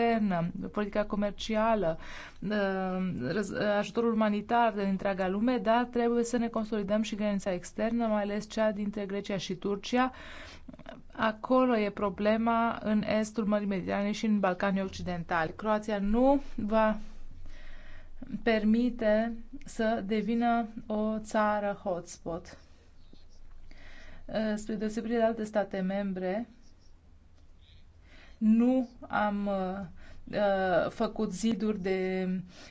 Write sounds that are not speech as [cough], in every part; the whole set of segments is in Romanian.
externă, politica comercială, uh, ajutorul umanitar din întreaga lume, dar trebuie să ne consolidăm și granița externă, mai ales cea dintre Grecia și Turcia. Acolo e problema în estul Mării Mediterane și în Balcanii Occidentali. Croația nu va permite să devină o țară hotspot. Uh, spre deosebire de alte state membre, nu am uh, uh, făcut ziduri de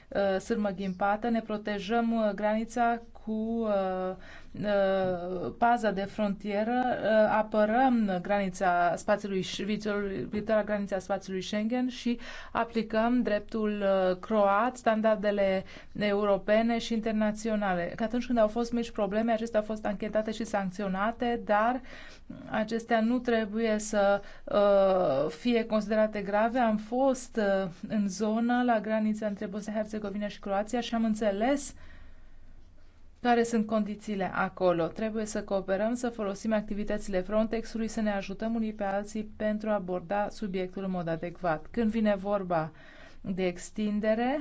uh, sârmă ghimpată, ne protejăm granița cu uh, uh, paza de frontieră, uh, apărăm granița spațiului, viitoarea granița spațiului Schengen și aplicăm dreptul croat, standardele europene și internaționale. Că atunci când au fost mici probleme, acestea au fost anchetate și sancționate, dar acestea nu trebuie să fie considerate grave. Am fost în zonă la granița între Bosnia-Herzegovina și Croația și am înțeles care sunt condițiile acolo. Trebuie să cooperăm, să folosim activitățile Frontex-ului, să ne ajutăm unii pe alții pentru a aborda subiectul în mod adecvat. Când vine vorba de extindere,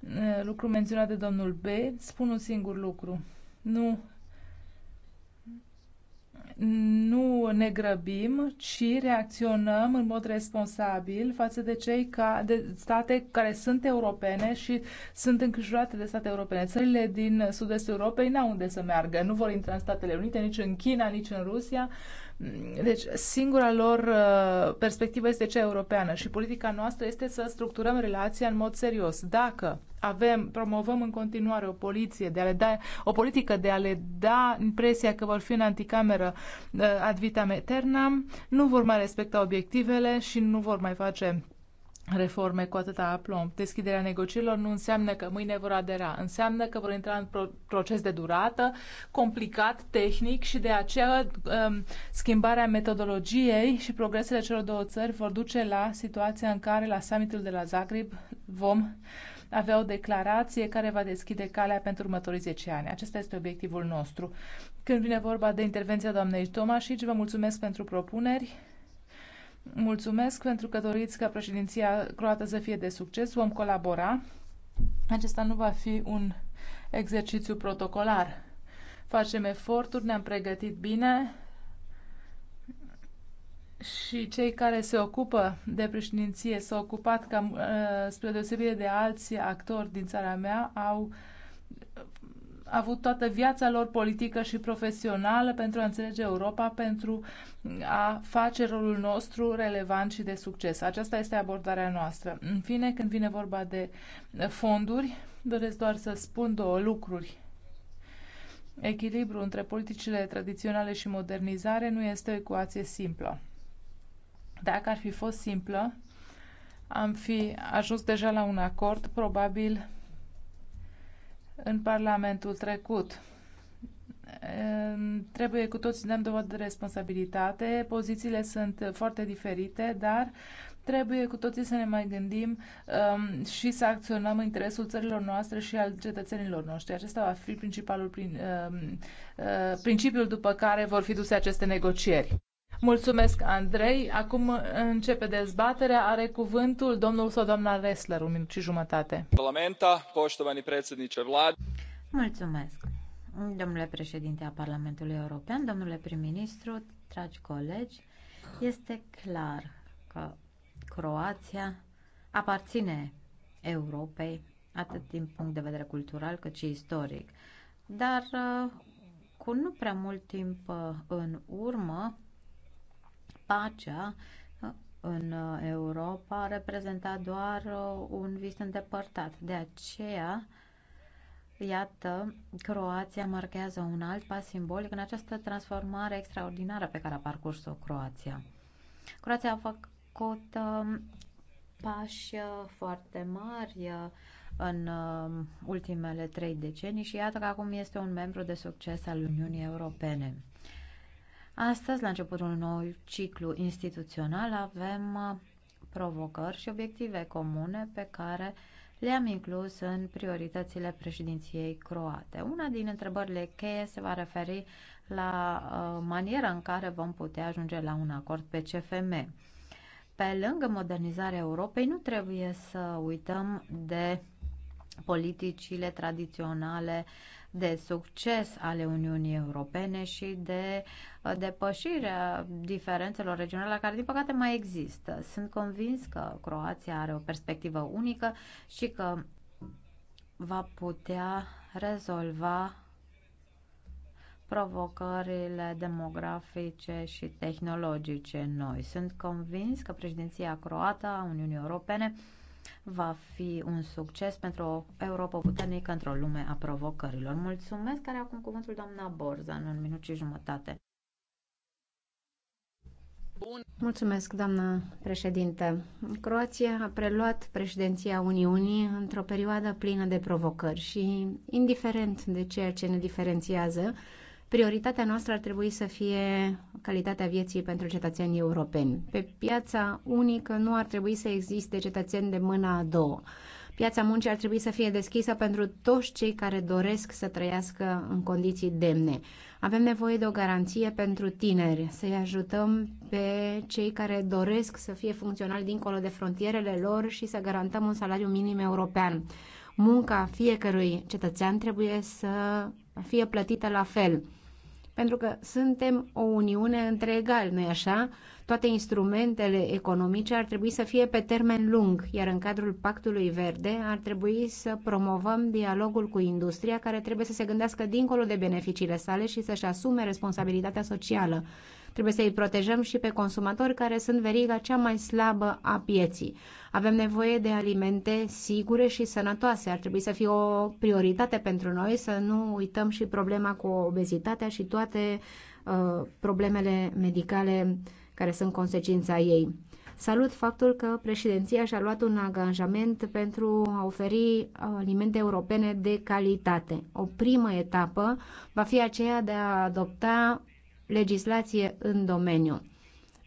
eh, lucru menționat de domnul B, spun un singur lucru. Nu nu ne grăbim, ci reacționăm în mod responsabil față de cei ca, de state care sunt europene și sunt încrijurate de state europene. Țările din sud-estul Europei n-au unde să meargă, nu vor intra în Statele Unite, nici în China, nici în Rusia. Deci, singura lor uh, perspectivă este cea europeană și politica noastră este să structurăm relația în mod serios. Dacă avem, promovăm în continuare o poliție de a le da, o politică de a le da impresia că vor fi în anticameră uh, ad vitam aeternam, nu vor mai respecta obiectivele și nu vor mai face reforme cu atâta aplomb. Deschiderea negocierilor nu înseamnă că mâine vor adera, înseamnă că vor intra în pro- proces de durată, complicat, tehnic și de aceea um, schimbarea metodologiei și progresele celor două țări vor duce la situația în care la summitul de la Zagreb vom avea o declarație care va deschide calea pentru următorii 10 ani. Acesta este obiectivul nostru. Când vine vorba de intervenția doamnei Tomașici, vă mulțumesc pentru propuneri Mulțumesc pentru că doriți ca președinția croată să fie de succes. Vom colabora. Acesta nu va fi un exercițiu protocolar. Facem eforturi, ne-am pregătit bine și cei care se ocupă de președinție s-au ocupat, cam, ă, spre deosebire de alți actori din țara mea, au avut toată viața lor politică și profesională pentru a înțelege Europa, pentru a face rolul nostru relevant și de succes. Aceasta este abordarea noastră. În fine, când vine vorba de fonduri, doresc doar să spun două lucruri. Echilibru între politicile tradiționale și modernizare nu este o ecuație simplă. Dacă ar fi fost simplă, am fi ajuns deja la un acord, probabil în Parlamentul trecut. Trebuie cu toți să dăm dovadă de responsabilitate, pozițiile sunt foarte diferite, dar trebuie cu toții să ne mai gândim um, și să acționăm în interesul țărilor noastre și al cetățenilor noștri. Acesta va fi principalul prin, um, uh, principiul după care vor fi duse aceste negocieri. Mulțumesc, Andrei. Acum începe dezbaterea. Are cuvântul domnul sau doamna Ressler, un minut și jumătate. Parlamenta, poștovani președnice Vlad. Mulțumesc. Domnule președinte a Parlamentului European, domnule prim-ministru, dragi colegi, este clar că Croația aparține Europei, atât din punct de vedere cultural cât și istoric. Dar uh, cu nu prea mult timp uh, în urmă, pacea uh, în uh, Europa reprezenta doar uh, un vis îndepărtat. De aceea, Iată, Croația marchează un alt pas simbolic în această transformare extraordinară pe care a parcurs-o Croația. Croația a făcut um, pași foarte mari în ultimele trei decenii și iată că acum este un membru de succes al Uniunii Europene. Astăzi, la începutul unui nou ciclu instituțional, avem uh, provocări și obiective comune pe care le-am inclus în prioritățile președinției croate. Una din întrebările cheie se va referi la uh, maniera în care vom putea ajunge la un acord pe CFM. Pe lângă modernizarea Europei, nu trebuie să uităm de politicile tradiționale de succes ale Uniunii Europene și de uh, depășirea diferențelor regionale care, din păcate, mai există. Sunt convins că Croația are o perspectivă unică și că va putea rezolva provocările demografice și tehnologice noi. Sunt convins că președinția croată a Uniunii Europene va fi un succes pentru o Europa puternică într-o lume a provocărilor. Mulțumesc, care acum cuvântul doamna Borzan, un minut și jumătate. Bun. Mulțumesc, doamnă președinte. Croația a preluat președinția Uniunii într-o perioadă plină de provocări și, indiferent de ceea ce ne diferențiază, Prioritatea noastră ar trebui să fie calitatea vieții pentru cetățenii europeni. Pe piața unică nu ar trebui să existe cetățeni de mâna a doua. Piața muncii ar trebui să fie deschisă pentru toți cei care doresc să trăiască în condiții demne. Avem nevoie de o garanție pentru tineri, să-i ajutăm pe cei care doresc să fie funcționali dincolo de frontierele lor și să garantăm un salariu minim european. Munca fiecărui cetățean trebuie să fie plătită la fel. Pentru că suntem o uniune între egali, nu-i așa? Toate instrumentele economice ar trebui să fie pe termen lung, iar în cadrul Pactului Verde ar trebui să promovăm dialogul cu industria care trebuie să se gândească dincolo de beneficiile sale și să-și asume responsabilitatea socială Trebuie să îi protejăm și pe consumatori care sunt veriga cea mai slabă a pieții. Avem nevoie de alimente sigure și sănătoase. Ar trebui să fie o prioritate pentru noi să nu uităm și problema cu obezitatea și toate uh, problemele medicale care sunt consecința ei. Salut faptul că președinția și-a luat un angajament pentru a oferi alimente europene de calitate. O primă etapă va fi aceea de a adopta legislație în domeniu.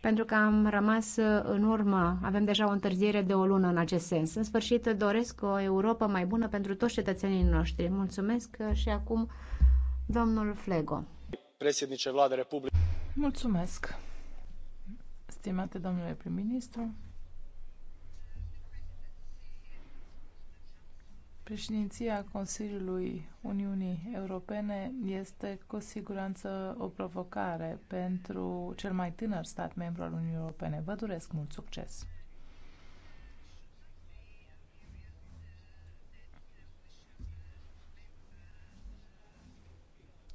Pentru că am rămas uh, în urmă, avem deja o întârziere de o lună în acest sens. În sfârșit, doresc o Europa mai bună pentru toți cetățenii noștri. Mulțumesc uh, și acum domnul Flego. Președinte Vlad Republic. Mulțumesc, stimate domnule prim-ministru. Președinția Consiliului Uniunii Europene este cu siguranță o provocare pentru cel mai tânăr stat membru al Uniunii Europene. Vă doresc mult succes!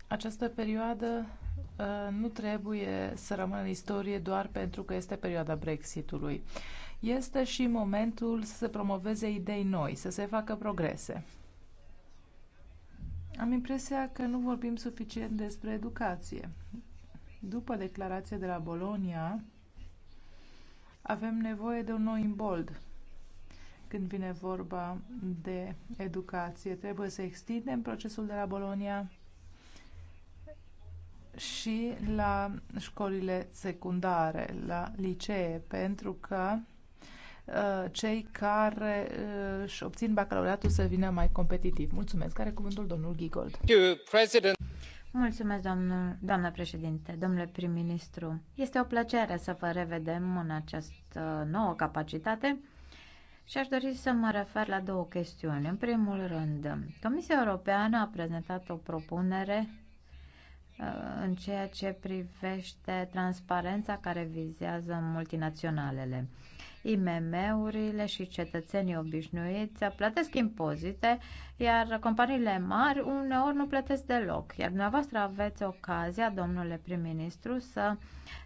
Această perioadă uh, nu trebuie să rămână în istorie doar pentru că este perioada Brexitului este și momentul să se promoveze idei noi, să se facă progrese. Am impresia că nu vorbim suficient despre educație. După declarația de la Bolonia, avem nevoie de un nou imbold. Când vine vorba de educație, trebuie să extindem procesul de la Bolonia și la școlile secundare, la licee, pentru că Uh, cei care uh, își obțin bacalaureatul să vină mai competitiv. Mulțumesc. Care cuvântul domnul Gigold? Mulțumesc, domnul, doamnă președinte, domnule prim-ministru. Este o plăcere să vă revedem în această nouă capacitate și aș dori să mă refer la două chestiuni. În primul rând, Comisia Europeană a prezentat o propunere uh, în ceea ce privește transparența care vizează multinaționalele. IMM-urile și cetățenii obișnuiți plătesc impozite, iar companiile mari uneori nu plătesc deloc. Iar dumneavoastră aveți ocazia, domnule prim-ministru, să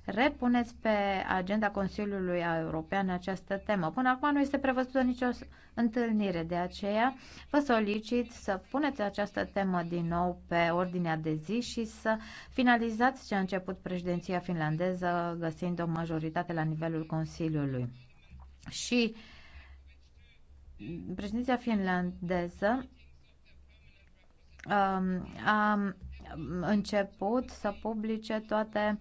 repuneți pe agenda Consiliului European această temă. Până acum nu este prevăzută nicio întâlnire, de aceea vă solicit să puneți această temă din nou pe ordinea de zi și să finalizați ce a început președinția finlandeză găsind o majoritate la nivelul Consiliului și președinția finlandeză um, a început să publice toate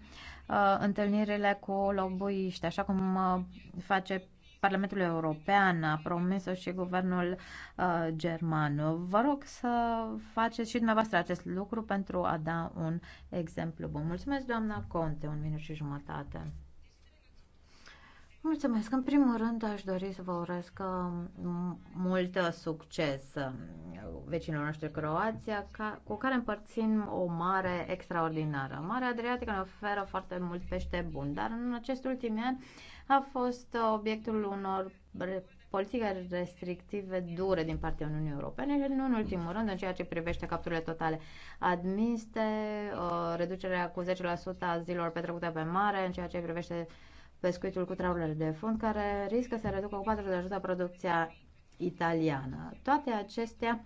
uh, întâlnirile cu lobbyiști, așa cum uh, face Parlamentul European a promis-o și guvernul uh, german. Vă rog să faceți și dumneavoastră acest lucru pentru a da un exemplu bun. Mulțumesc, doamna Conte, un minut și jumătate. Mulțumesc. În primul rând aș dori să vă urez că mult succes uh, vecinilor noștri Croația, ca, cu care împărțim o mare extraordinară. Marea Adriatică ne oferă foarte mult pește bun, dar în acest ultim an a fost obiectul unor politici restrictive dure din partea Uniunii Europene și nu în ultimul rând în ceea ce privește capturile totale admise, uh, reducerea cu 10% a zilor petrecute pe mare, în ceea ce privește pescuitul cu trawler de fund, care riscă să reducă cu 40% producția italiană. Toate acestea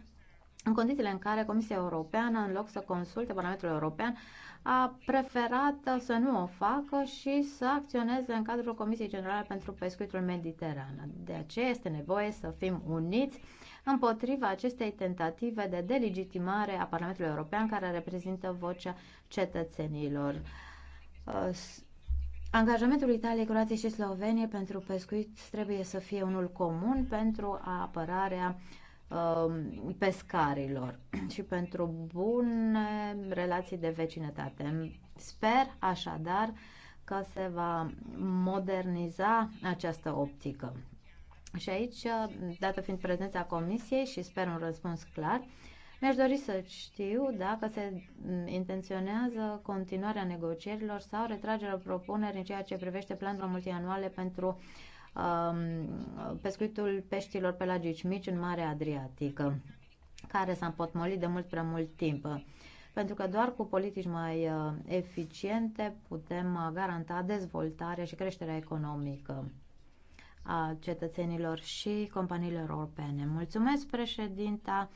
în condițiile în care Comisia Europeană, în loc să consulte Parlamentul European, a preferat să nu o facă și să acționeze în cadrul Comisiei Generale pentru Pescuitul Mediteran. De aceea este nevoie să fim uniți împotriva acestei tentative de delegitimare a Parlamentului European, care reprezintă vocea cetățenilor. Angajamentul Italiei, Croației și Sloveniei pentru pescuit trebuie să fie unul comun pentru apărarea um, pescarilor [clears throat] și pentru bune relații de vecinătate. Sper așadar că se va moderniza această optică. Și aici, dată fiind prezența Comisiei și sper un răspuns clar, uh, mi-aș dori să știu dacă se intenționează continuarea negocierilor sau retragerea propunerii în ceea ce privește planurile multianuale pentru um, pescuitul peștilor pelagici mici în Marea Adriatică, care s-a împotmolit de mult prea mult timp pentru că doar cu politici mai uh, eficiente putem uh, garanta dezvoltarea și creșterea economică a cetățenilor și companiilor europene. Mulțumesc, președinta!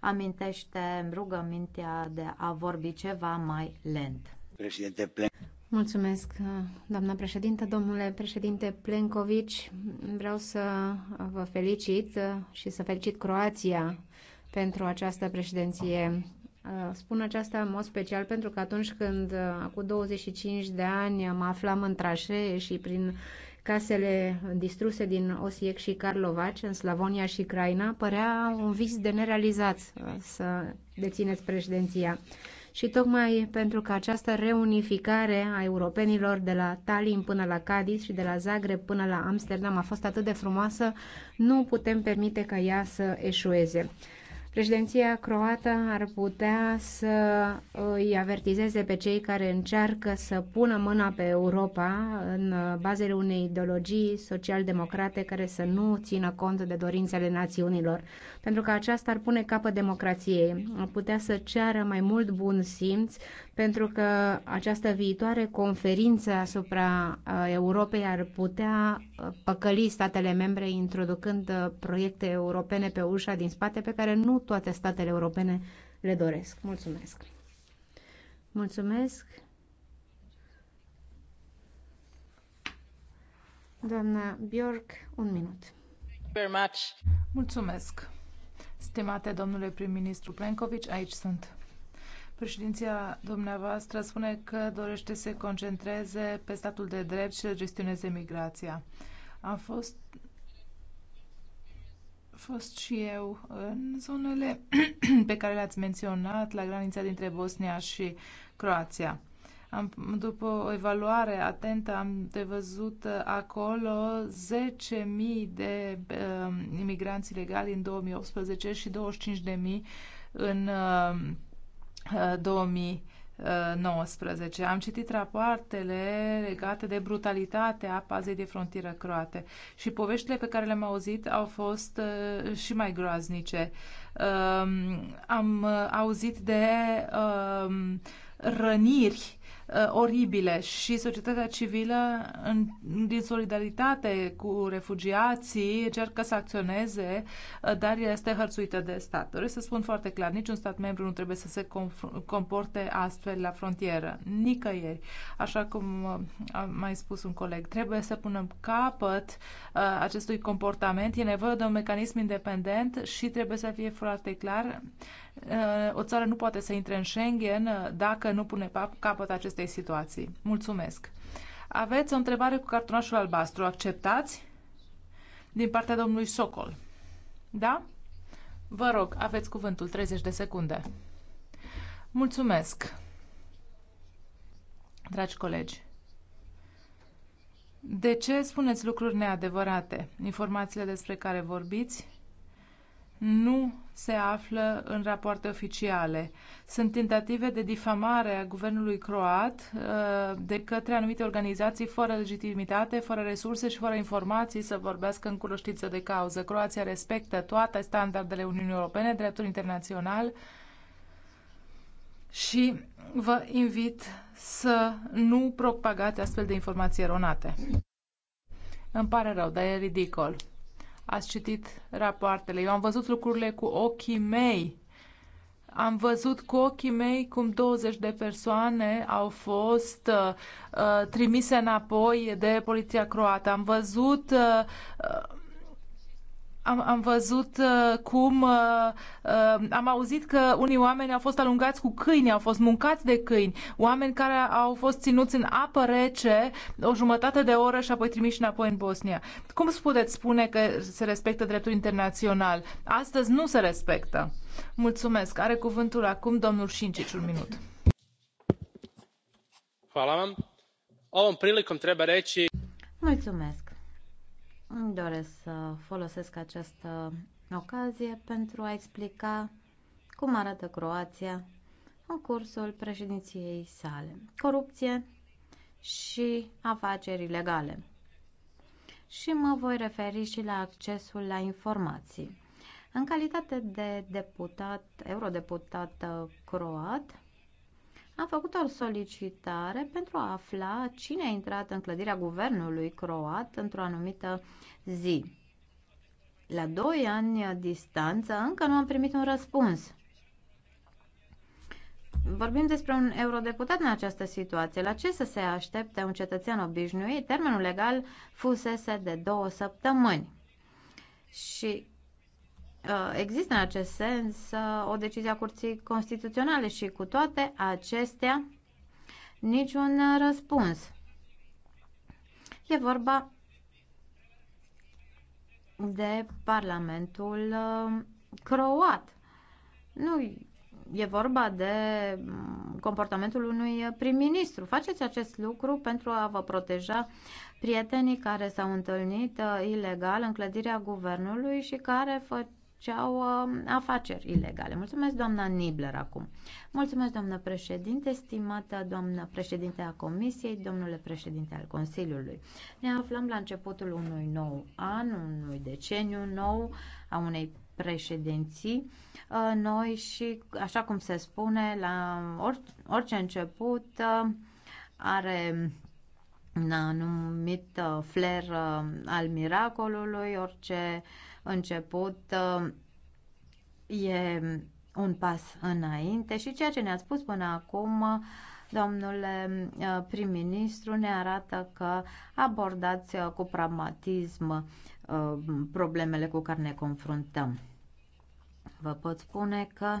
amintește rugămintea de a vorbi ceva mai lent. Președinte Plen- Mulțumesc, doamna președintă, domnule președinte Plenković. Vreau să vă felicit și să felicit Croația pentru această președinție Spun aceasta în mod special pentru că atunci când, cu 25 de ani, mă aflam în trașee și prin casele distruse din Osiek și Karlovac, în Slavonia și Craina, părea un vis de nerealizat uh, să dețineți președinția. Și tocmai pentru că această reunificare a europenilor de la Tallinn până la Cadiz și de la Zagreb până la Amsterdam a fost atât de frumoasă, nu putem permite ca ea să eșueze. Președinția croată ar putea să îi avertizeze pe cei care încearcă să pună mâna pe Europa în bazele unei ideologii social-democrate care să nu țină cont de dorințele națiunilor, pentru că aceasta ar pune capăt democrației. Ar putea să ceară mai mult bun simț, pentru că această viitoare conferință asupra uh, Europei ar putea uh, păcăli statele membre introducând uh, proiecte europene pe ușa din spate pe care nu toate statele europene le doresc. Mulțumesc! Mulțumesc! Doamna Bjork, un minut. Mulțumesc! Stimate domnule prim-ministru Plenković, aici sunt. Președinția dumneavoastră spune că dorește să se concentreze pe statul de drept și să gestioneze migrația. Am fost fost și eu în zonele [clears throat] pe care le-ați menționat, la granița dintre Bosnia și Croația. Am, după o evaluare atentă am de văzut uh, acolo 10.000 de uh, imigranți ilegali în 2018 și 25.000 în uh, 2000. Uh, 19. Am citit rapoartele legate de brutalitatea pazei de frontieră croate și poveștile pe care le-am auzit au fost uh, și mai groaznice. Um, am uh, auzit de um, răniri uh, oribile și societatea civilă, în, din solidaritate cu refugiații, încearcă să acționeze, uh, dar este hărțuită de stat. Doresc să spun foarte clar, niciun stat membru nu trebuie să se comporte astfel la frontieră, nicăieri. Așa cum uh, a mai spus un coleg, trebuie să punem capăt uh, acestui comportament, e nevoie de un mecanism independent și trebuie să fie foarte clar Uh, o țară nu poate să intre în Schengen uh, dacă nu pune capăt acestei situații. Mulțumesc. Aveți o întrebare cu cartonașul albastru. Acceptați? Din partea domnului Socol. Da? Vă rog, aveți cuvântul 30 de secunde. Mulțumesc. Dragi colegi, de ce spuneți lucruri neadevărate? Informațiile despre care vorbiți nu se află în rapoarte oficiale. Sunt tentative de difamare a guvernului croat uh, de către anumite organizații fără legitimitate, fără resurse și fără informații să vorbească în cunoștință de cauză. Croația respectă toate standardele Uniunii Europene, dreptul internațional și vă invit să nu propagați astfel de informații eronate. Îmi pare rău, dar e ridicol ați citit rapoartele. Eu am văzut lucrurile cu ochii mei. Am văzut cu ochii mei cum 20 de persoane au fost uh, uh, trimise înapoi de poliția croată. Am văzut uh, uh am, am văzut uh, cum uh, uh, am auzit că unii oameni au fost alungați cu câini, au fost muncați de câini, oameni care au fost ținuți în apă rece o jumătate de oră și apoi trimiși înapoi în Bosnia. Cum puteți spune că se respectă dreptul internațional? Astăzi nu se respectă. Mulțumesc. Are cuvântul acum domnul Șincici, un minut. Hvala vam. Ovom prilikom treba reći... Mulțumesc. Îmi doresc să folosesc această ocazie pentru a explica cum arată Croația în cursul președinției sale. Corupție și afaceri ilegale. Și mă voi referi și la accesul la informații. În calitate de deputat, eurodeputat croat, am făcut o solicitare pentru a afla cine a intrat în clădirea guvernului croat într-o anumită zi. La doi ani distanță, încă nu am primit un răspuns. Vorbim despre un eurodeputat în această situație. La ce să se aștepte un cetățean obișnuit? Termenul legal fusese de două săptămâni. Și Uh, există în acest sens uh, o decizie a Curții Constituționale și cu toate acestea niciun uh, răspuns. E vorba de Parlamentul croat. Nu e vorba de mm, comportamentul unui prim-ministru. Faceți acest lucru pentru a vă proteja prietenii care s-au întâlnit ilegal în clădirea guvernului și care fă- și au um, afaceri ilegale. Mulțumesc, doamna Nibler, acum. Mulțumesc, doamnă președinte, stimată doamnă președinte a Comisiei, domnule președinte al Consiliului. Ne aflăm la începutul unui nou an, unui deceniu nou, a unei președinții uh, noi și, așa cum se spune, la orice început uh, are un anumit uh, flair al miracolului, orice uh, început uh, e un pas înainte și ceea ce ne-a spus până acum domnule uh, prim-ministru, ne arată că abordați uh, cu pragmatism problemele cu care ne confruntăm. Vă pot spune că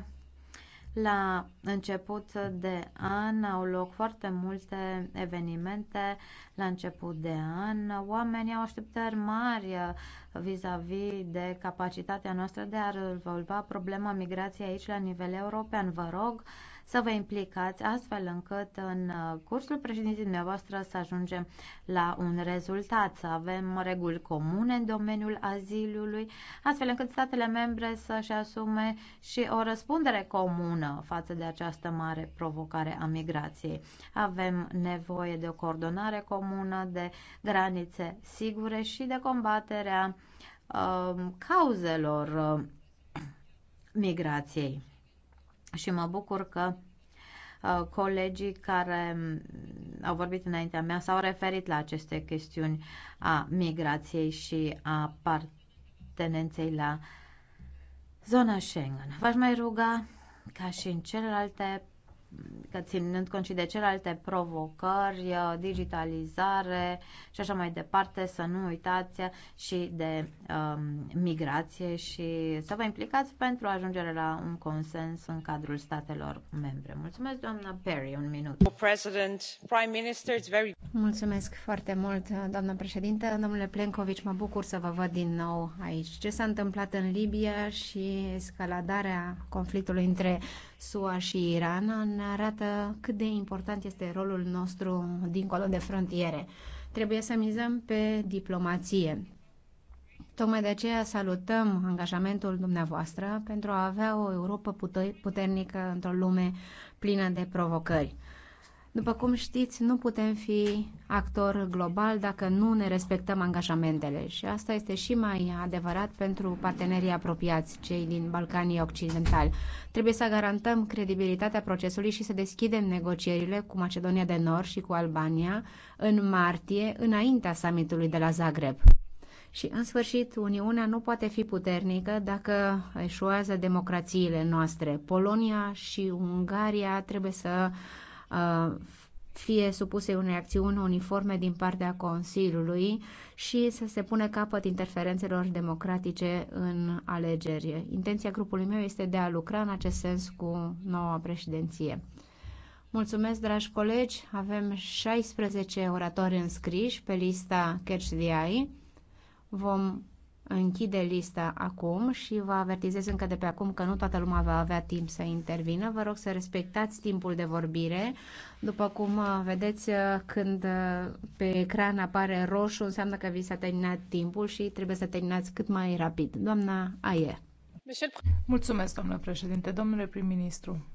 la început de an au loc foarte multe evenimente. La început de an, oamenii au așteptări mari vis-a-vis -vis de capacitatea noastră de a rezolva problema migrației aici la nivel european. Vă rog să vă implicați astfel încât în uh, cursul președinției dumneavoastră să ajungem la un rezultat, să avem reguli comune în domeniul azilului, astfel încât statele membre să-și asume și o răspundere comună față de această mare provocare a migrației. Avem nevoie de o coordonare comună, de granițe sigure și de combaterea uh, cauzelor uh, migrației și mă bucur că uh, colegii care mm, au vorbit înaintea mea s-au referit la aceste chestiuni a migrației și a partenenței la zona Schengen. V-aș mai ruga ca și în celelalte că ținând cont și de celelalte provocări, uh, digitalizare și așa mai departe, să nu uitați și de um, migrație și să vă implicați pentru ajungerea la un consens în cadrul statelor membre. Mulțumesc, doamna Perry, un minut. Mulțumesc foarte mult, doamna președintă. Domnule Plencovici, mă bucur să vă văd din nou aici. Ce s-a întâmplat în Libia și escaladarea conflictului între SUA și Iran ne arată cât de important este rolul nostru dincolo de frontiere. Trebuie să mizăm pe diplomație. Tocmai de aceea salutăm angajamentul dumneavoastră pentru a avea o Europa puternică într-o lume plină de provocări. După cum știți, nu putem fi actor global dacă nu ne respectăm angajamentele și asta este și mai adevărat pentru partenerii apropiați, cei din Balcanii Occidentali. Trebuie să garantăm credibilitatea procesului și să deschidem negocierile cu Macedonia de Nord și cu Albania în martie, înaintea summitului de la Zagreb. Și, în sfârșit, Uniunea nu poate fi puternică dacă eșuează democrațiile noastre. Polonia și Ungaria trebuie să uh, Uh, fie supuse unei acțiuni uniforme din partea Consiliului și să se pune capăt interferențelor democratice în alegeri. Intenția grupului meu este de a lucra în acest sens cu noua președinție. Mulțumesc, dragi colegi! Avem 16 oratori înscriși pe lista Catch the Eye. Vom închide lista acum și vă avertizez încă de pe acum că nu toată lumea va avea timp să intervină. Vă rog să respectați timpul de vorbire. După cum uh, vedeți, uh, când uh, pe ecran apare roșu, înseamnă că vi s-a terminat timpul și trebuie să terminați cât mai rapid. Doamna Aie. Mulțumesc, domnule președinte. Domnule prim-ministru,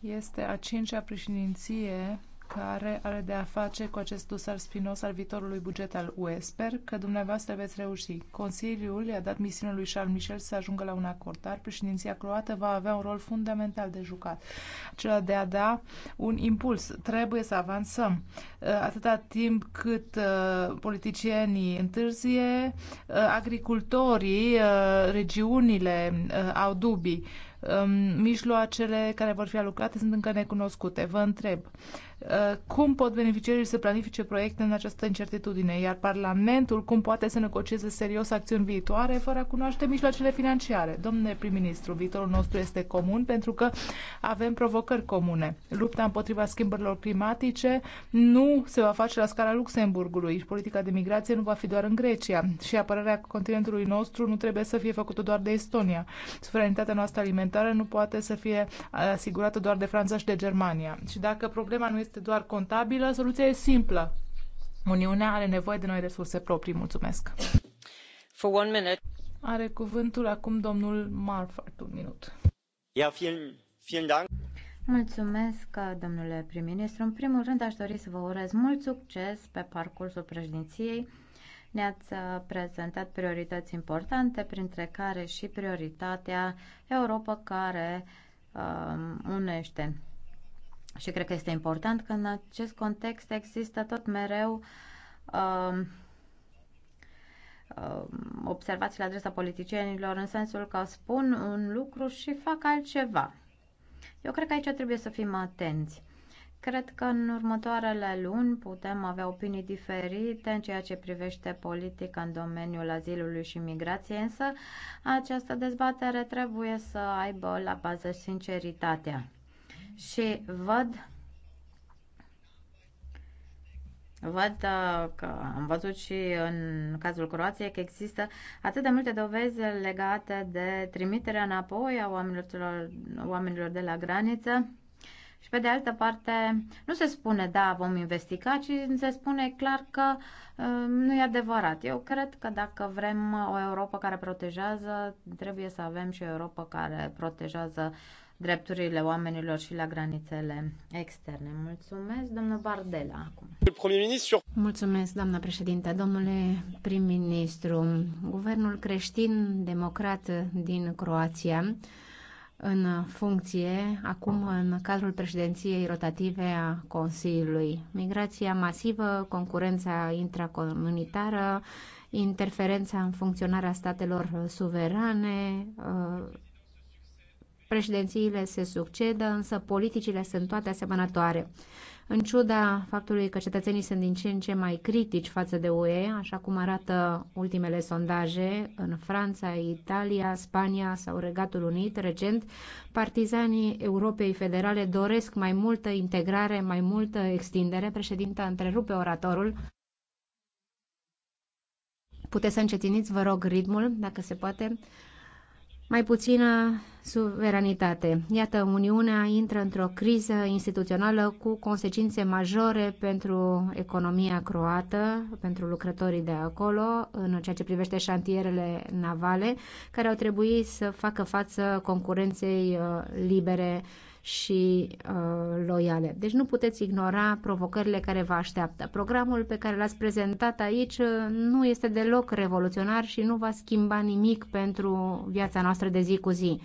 este a cincea președinție care are de a face cu acest dosar spinos al viitorului buget al UE. Sper că dumneavoastră veți reuși. Consiliul i-a dat misiunea lui Charles Michel să ajungă la un acord, dar președinția croată va avea un rol fundamental de jucat, acela de a da un impuls. Trebuie să avansăm. Uh, atâta timp cât uh, politicienii întârzie, uh, agricultorii, regiunile au dubii um, mijloacele care vor fi alocate sunt încă necunoscute. Vă întreb, Uh, cum pot beneficiarii să planifice proiecte în această incertitudine, iar Parlamentul cum poate să negocieze serios acțiuni viitoare fără a cunoaște mijloacele financiare. Domnule prim-ministru, viitorul nostru este comun pentru că avem provocări comune. Lupta împotriva schimbărilor climatice nu se va face la scala Luxemburgului și politica de migrație nu va fi doar în Grecia și apărarea continentului nostru nu trebuie să fie făcută doar de Estonia. Suveranitatea noastră alimentară nu poate să fie uh, asigurată doar de Franța și de Germania. Și dacă problema nu este este doar contabilă, soluția e simplă. Uniunea are nevoie de noi resurse proprii. Mulțumesc. For one minute. Are cuvântul acum domnul Marfart, un minut. Ja, vielen, vielen Dank. Mulțumesc, domnule prim-ministru. În primul rând, aș dori să vă urez mult succes pe parcursul președinției. Ne-ați uh, prezentat priorități importante, printre care și prioritatea Europa care uh, unește. Și cred că este important că în acest context există tot mereu uh, uh, observații la adresa politicienilor în sensul că spun un lucru și fac altceva. Eu cred că aici trebuie să fim atenți. Cred că în următoarele luni putem avea opinii diferite în ceea ce privește politica în domeniul azilului și migrației, însă această dezbatere trebuie să aibă la bază sinceritatea și văd Văd uh, că am văzut și în cazul Croației că există atât de multe dovezi legate de trimiterea înapoi a oamenilor, oamenilor de la graniță. Și pe de altă parte, nu se spune da, vom investiga, ci se spune clar că uh, nu e adevărat. Eu cred că dacă vrem o Europa care protejează, trebuie să avem și o Europa care protejează drepturile oamenilor și la granițele externe. Mulțumesc, domnul Bardela, acum. Mulțumesc, doamna președinte. Domnule prim-ministru, guvernul creștin-democrat din Croația în funcție acum în cadrul președinției rotative a Consiliului. Migrația masivă, concurența intracomunitară, interferența în funcționarea statelor suverane, Președințiile se succedă, însă politicile sunt toate asemănătoare. În ciuda faptului că cetățenii sunt din ce în ce mai critici față de UE, așa cum arată ultimele sondaje în Franța, Italia, Spania sau Regatul Unit recent, partizanii Europei Federale doresc mai multă integrare, mai multă extindere. Președinta întrerupe oratorul. Puteți să încetiniți, vă rog, ritmul, dacă se poate mai puțină suveranitate. Iată, Uniunea intră într-o criză instituțională cu consecințe majore pentru economia croată, pentru lucrătorii de acolo, în ceea ce privește șantierele navale, care au trebuit să facă față concurenței uh, libere și uh, loiale. Deci nu puteți ignora provocările care vă așteaptă. Programul pe care l-ați prezentat aici uh, nu este deloc revoluționar și nu va schimba nimic pentru viața noastră de zi cu zi.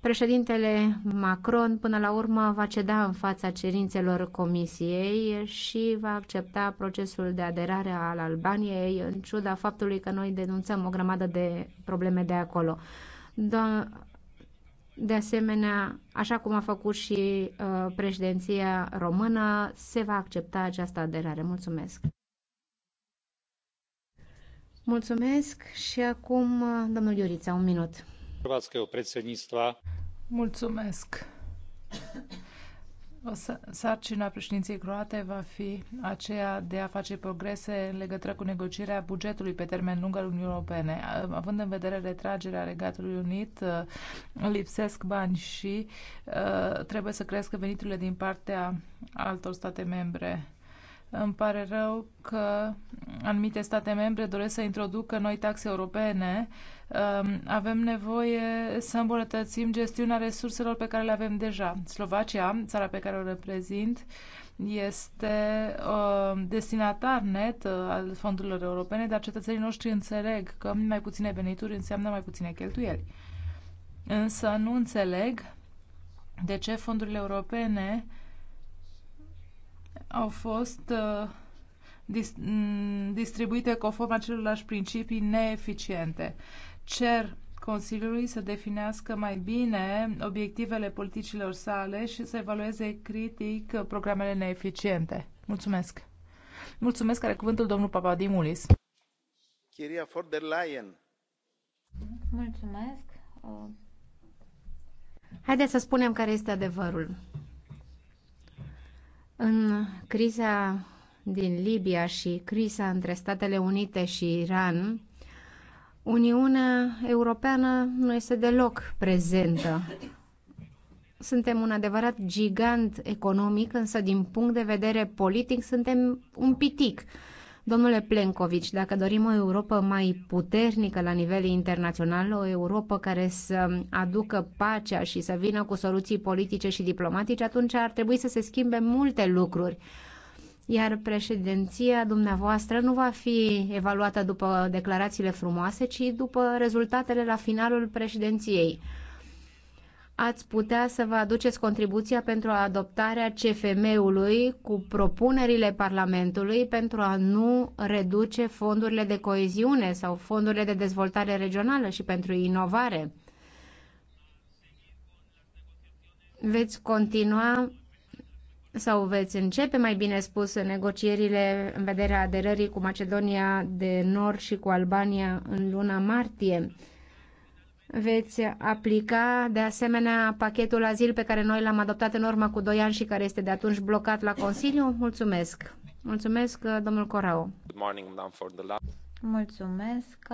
Președintele Macron până la urmă va ceda în fața cerințelor comisiei și va accepta procesul de aderare al Albaniei în ciuda faptului că noi denunțăm o grămadă de probleme de acolo. Do- de asemenea, așa cum a făcut și uh, președinția română, se va accepta această aderare. Mulțumesc! Mulțumesc și acum, uh, domnul Iurița, un minut. Mulțumesc! [coughs] Sarcina președinției croate va fi aceea de a face progrese în legătură cu negocierea bugetului pe termen lung al Uniunii Europene. Având în vedere retragerea Regatului Unit, uh, lipsesc bani și uh, trebuie să crească veniturile din partea altor state membre îmi pare rău că anumite state membre doresc să introducă noi taxe europene. Um, avem nevoie să îmbunătățim gestiunea resurselor pe care le avem deja. Slovacia, țara pe care o reprezint, este um, destinatar net uh, al fondurilor europene, dar cetățenii noștri înțeleg că mai puține venituri înseamnă mai puține cheltuieli. Însă nu înțeleg de ce fondurile europene uh, au fost uh, dis distribuite conform acelorași principii neeficiente. Cer Consiliului să definească mai bine obiectivele politicilor sale și să evalueze critic programele neeficiente. Mulțumesc! Mulțumesc, are cuvântul domnul Papadimulis. Chiria for the Lion. Mulțumesc. Uh. Haideți să spunem care este adevărul. În criza din Libia și criza între Statele Unite și Iran, Uniunea Europeană nu este deloc prezentă. Suntem un adevărat gigant economic, însă din punct de vedere politic suntem un pitic. Domnule Plenković, dacă dorim o Europa mai puternică la nivel internațional, o Europa care să aducă pacea și să vină cu soluții politice și diplomatice, atunci ar trebui să se schimbe multe lucruri iar președinția dumneavoastră nu va fi evaluată după declarațiile frumoase, ci după rezultatele la finalul președinției ați putea să vă aduceți contribuția pentru adoptarea CFM-ului cu propunerile Parlamentului pentru a nu reduce fondurile de coeziune sau fondurile de dezvoltare regională și pentru inovare? Veți continua sau veți începe, mai bine spus, negocierile în vederea aderării cu Macedonia de Nord și cu Albania în luna martie? veți aplica de asemenea pachetul azil pe care noi l-am adoptat în urmă cu 2 ani și care este de atunci blocat la Consiliu? Mulțumesc! Mulțumesc, domnul Corao! Mulțumesc,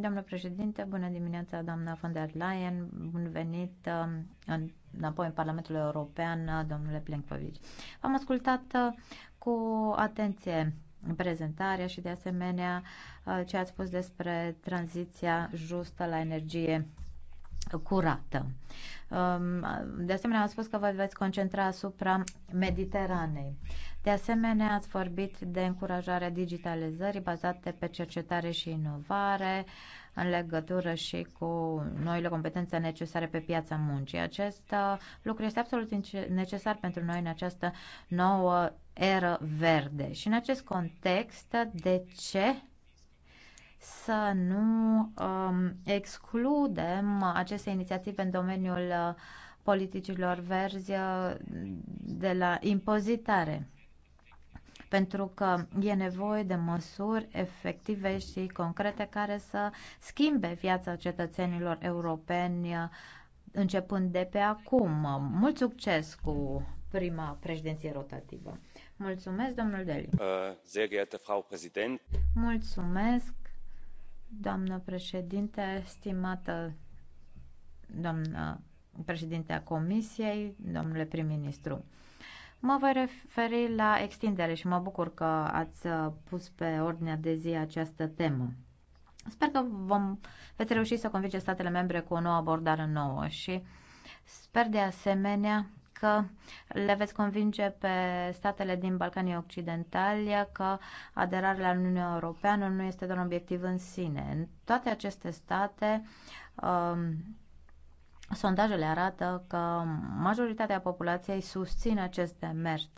doamnă președinte, bună dimineața, doamna von der Leyen, bun venit um, înapoi în Parlamentul European, domnule Plenković. Am ascultat uh, cu atenție prezentarea și de asemenea Uh, ce ați spus despre tranziția justă la energie curată. Um, de asemenea, ați spus că vă veți concentra asupra Mediteranei. De asemenea, ați vorbit de încurajarea digitalizării bazate pe cercetare și inovare în legătură și cu noile competențe necesare pe piața muncii. Acest uh, lucru este absolut necesar pentru noi în această nouă eră verde. Și în acest context, de ce să nu um, excludem aceste inițiative în domeniul uh, politicilor verzi uh, de la impozitare pentru că e nevoie de măsuri efective și concrete care să schimbe viața cetățenilor europeni uh, începând de pe acum. Mult succes cu prima președinție rotativă. Mulțumesc, domnul Deli. Uh, Mulțumesc, Doamnă președinte, stimată doamnă președinte a Comisiei, domnule prim-ministru, mă voi referi la extindere și mă bucur că ați pus pe ordinea de zi această temă. Sper că vom, veți reuși să convinge statele membre cu o nouă abordare nouă și sper de asemenea că le veți convinge pe statele din Balcanii Occidentali că aderarea la Uniunea Europeană nu este doar un obiectiv în sine. În toate aceste state, um, sondajele arată că majoritatea populației susține acest demers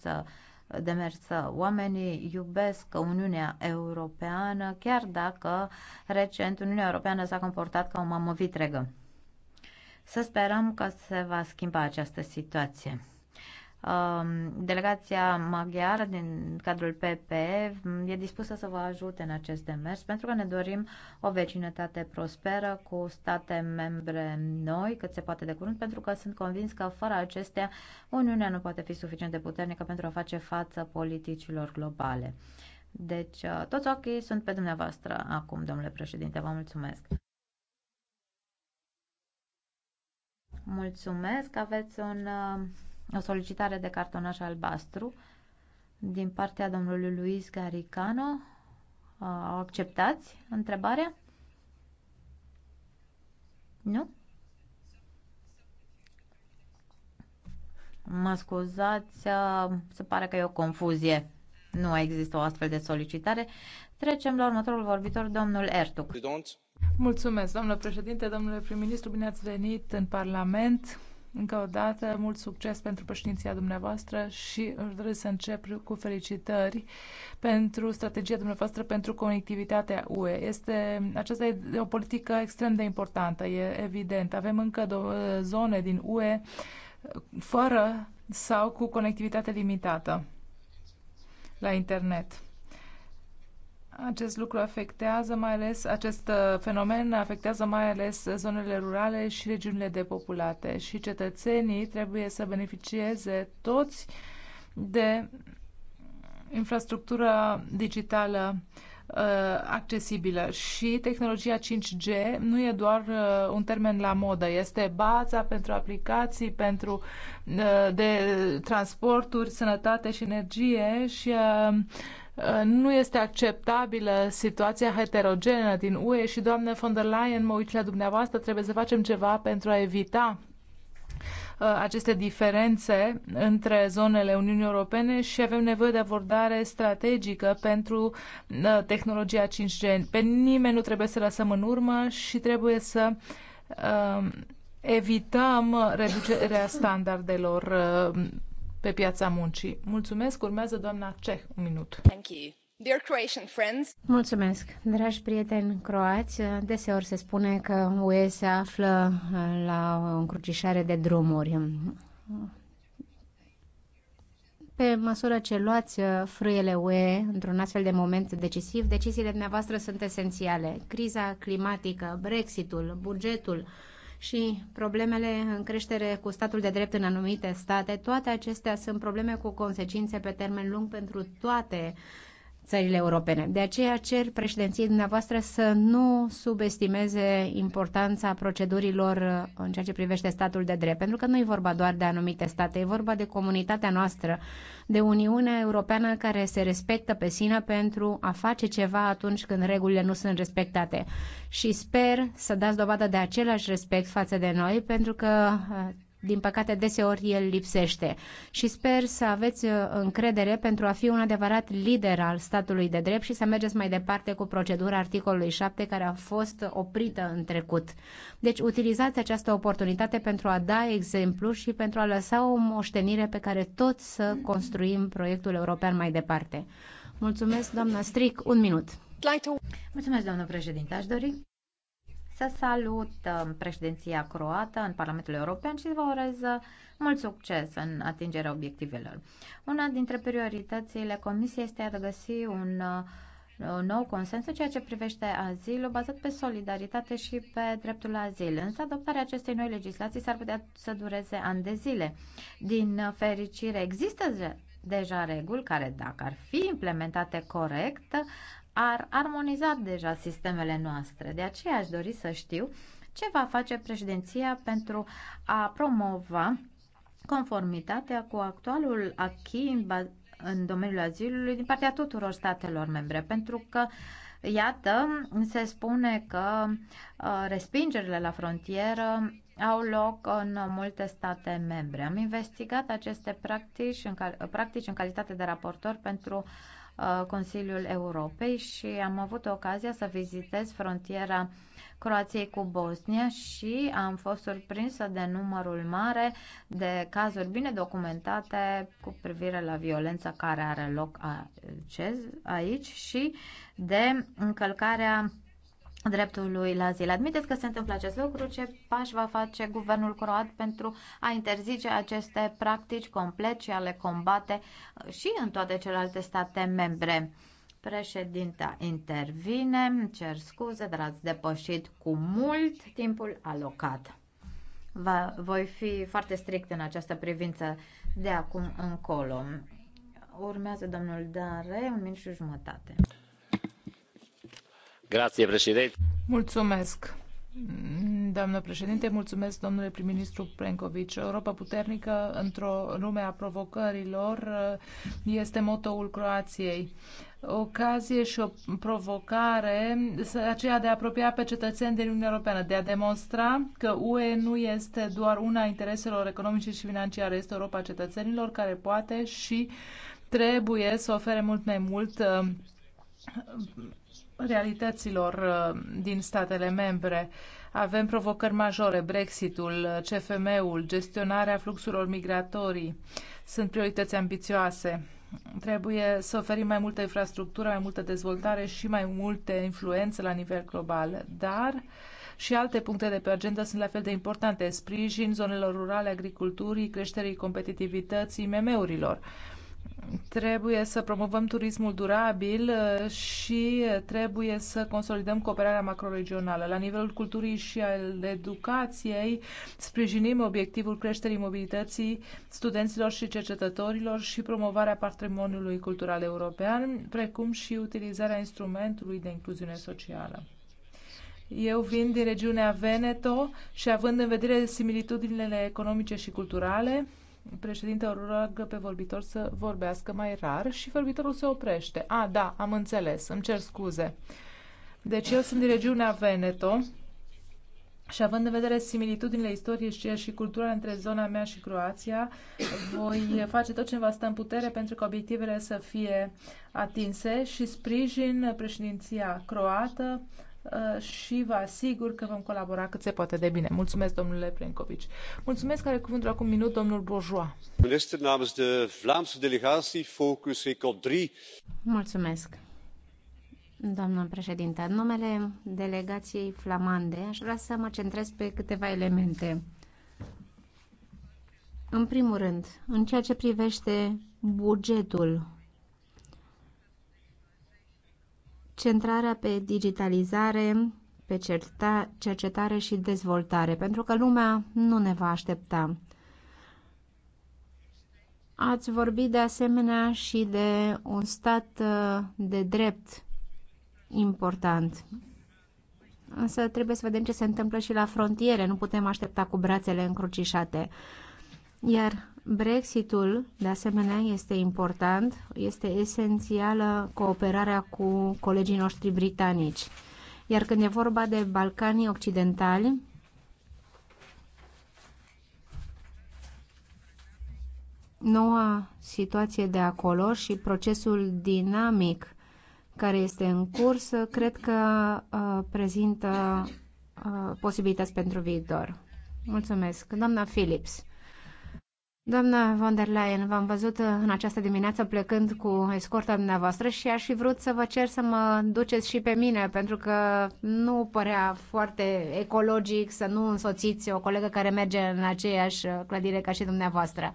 demers. Oamenii iubesc Uniunea Europeană, chiar dacă recent Uniunea Europeană s-a comportat ca o mamă vitregă. Să sperăm că se va schimba această situație. Um, delegația maghiară din cadrul PP e dispusă să vă ajute în acest demers pentru că ne dorim o vecinătate prosperă cu state membre noi cât se poate de curând pentru că sunt convins că fără acestea Uniunea nu poate fi suficient de puternică pentru a face față politicilor globale. Deci uh, toți ochii sunt pe dumneavoastră acum, domnule președinte. Vă mulțumesc! Mulțumesc. Aveți un, uh, o solicitare de cartonaș albastru din partea domnului Luis Garicano. O uh, acceptați întrebarea? Nu? Mă scuzați, uh, se pare că e o confuzie. Nu există o astfel de solicitare. Trecem la următorul vorbitor, domnul Ertug. Mulțumesc, domnule președinte, domnule prim-ministru, bine ați venit în Parlament. Încă o dată, mult succes pentru președinția dumneavoastră și își doresc să încep cu felicitări pentru strategia dumneavoastră pentru conectivitatea UE. Este, aceasta e o politică extrem de importantă, e evident. Avem încă două zone din UE fără sau cu conectivitate limitată la internet. Acest lucru afectează mai ales, acest uh, fenomen afectează mai ales zonele rurale și regiunile depopulate și cetățenii trebuie să beneficieze toți de infrastructura digitală uh, accesibilă și tehnologia 5G nu e doar uh, un termen la modă, este baza pentru aplicații, pentru de transporturi, sănătate și energie și nu este acceptabilă situația heterogenă din UE și, doamnă von der Leyen, mă uit la dumneavoastră, trebuie să facem ceva pentru a evita uh, aceste diferențe între zonele Uniunii Europene și avem nevoie de abordare strategică pentru uh, tehnologia 5G. Pe nimeni nu trebuie să lăsăm în urmă și trebuie să uh, evităm reducerea standardelor pe piața muncii. Mulțumesc, urmează doamna Ceh, un minut. Thank you. Dear Croatian friends. Mulțumesc, dragi prieteni croați. Deseori se spune că UE se află uh, la o încrucișare de drumuri pe măsură ce luați uh, frâiele UE într-un astfel de moment decisiv, deciziile dumneavoastră sunt esențiale. Criza climatică, Brexitul, bugetul, și problemele în creștere cu statul de drept în anumite state, toate acestea sunt probleme cu consecințe pe termen lung pentru toate țările europene. De aceea cer președinției dumneavoastră să nu subestimeze importanța procedurilor în ceea ce privește statul de drept, pentru că nu e vorba doar de anumite state, e vorba de comunitatea noastră, de Uniunea Europeană care se respectă pe sine pentru a face ceva atunci când regulile nu sunt respectate. Și sper să dați dovadă de același respect față de noi, pentru că din păcate, deseori el lipsește. Și sper să aveți uh, încredere pentru a fi un adevărat lider al statului de drept și să mergeți mai departe cu procedura articolului 7 care a fost oprită în trecut. Deci utilizați această oportunitate pentru a da exemplu și pentru a lăsa o moștenire pe care toți să construim proiectul european mai departe. Mulțumesc, doamna Stric. Un minut. Mulțumesc, doamnă președinte. Aș dori să salut um, președinția croată în Parlamentul European și vă urez uh, mult succes în atingerea obiectivelor. Una dintre prioritățile Comisiei este a găsi uh, un nou consens în ceea ce privește azilul, bazat pe solidaritate și pe dreptul la azil. Însă adoptarea acestei noi legislații s-ar putea să dureze ani de zile. Din fericire, există deja reguli care, dacă ar fi implementate corect, ar armoniza deja sistemele noastre. De aceea aș dori să știu ce va face președinția pentru a promova conformitatea cu actualul acquis în domeniul azilului din partea tuturor statelor membre, pentru că Iată, se spune că uh, respingerile la frontieră au loc în multe state membre. Am investigat aceste practici în, cal- practici în calitate de raportor pentru uh, Uh, Consiliul Europei și am avut ocazia să vizitez frontiera Croației cu Bosnia și am fost surprinsă de numărul mare de cazuri bine documentate cu privire la violența care are loc aici și de încălcarea dreptului la zile. Admiteți că se întâmplă acest lucru, ce pași va face guvernul croat pentru a interzice aceste practici complet și a le combate uh, și în toate celelalte state membre. Președinta intervine, cer scuze, dar ați depășit cu mult timpul alocat. Va, voi fi foarte strict în această privință de acum încolo. Urmează domnul Dare, un minut și jumătate. Mulțumesc. Doamnă președinte, mulțumesc domnule prim-ministru Plenković. Europa puternică într-o lume a provocărilor este motoul Croației. Ocazie și o provocare aceea de a apropia pe cetățeni de Uniunea Europeană, de a demonstra că UE nu este doar una a intereselor economice și financiare, este Europa cetățenilor care poate și trebuie să ofere mult mai mult realităților uh, din statele membre. Avem provocări majore, Brexitul, uh, CFM-ul, gestionarea fluxurilor migratorii. Sunt priorități ambițioase. Trebuie să oferim mai multă infrastructură, mai multă dezvoltare și mai multe influențe la nivel global. Dar și alte puncte de pe agenda sunt la fel de importante. Sprijin zonelor rurale, agriculturii, creșterii competitivității, MM-urilor. Trebuie să promovăm turismul durabil uh, și trebuie să consolidăm cooperarea macroregională. La nivelul culturii și al educației sprijinim obiectivul creșterii mobilității studenților și cercetătorilor și promovarea patrimoniului cultural european, precum și utilizarea instrumentului de incluziune socială. Eu vin din regiunea Veneto și având în vedere similitudinile economice și culturale, Președinte, o roagă pe vorbitor să vorbească mai rar și vorbitorul se oprește. A, da, am înțeles, îmi cer scuze. Deci eu sunt din regiunea Veneto și având în vedere similitudinile istorice și cultura între zona mea și Croația, voi face tot ce va stă în putere pentru ca obiectivele să fie atinse și sprijin președinția croată Uh, și vă asigur că vom colabora cât se poate de bine. Mulțumesc, domnule Plencovici. Mulțumesc, care cuvântul acum minut, domnul Bourgeois. Minister, namens de Vlaamse delegatie focus Mulțumesc. Domnul președinte, în numele delegației flamande aș vrea să mă centrez pe câteva elemente. În primul rând, în ceea ce privește bugetul centrarea pe digitalizare, pe cercetare și dezvoltare, pentru că lumea nu ne va aștepta. Ați vorbit de asemenea și de un stat uh, de drept important. Însă trebuie să vedem ce se întâmplă și la frontiere. Nu putem aștepta cu brațele încrucișate. Iar Brexitul, de asemenea, este important, este esențială cooperarea cu colegii noștri britanici. Iar când e vorba de Balcanii Occidentali, noua situație de acolo și procesul dinamic care este în curs, cred că uh, prezintă uh, posibilități pentru viitor. Mulțumesc. Doamna Phillips. Doamna von der Leyen, v-am văzut uh, în această dimineață plecând cu escorta dumneavoastră și aș fi vrut să vă cer să mă duceți și pe mine, pentru că nu părea foarte ecologic să nu însoțiți o colegă care merge în aceeași uh, clădire ca și dumneavoastră.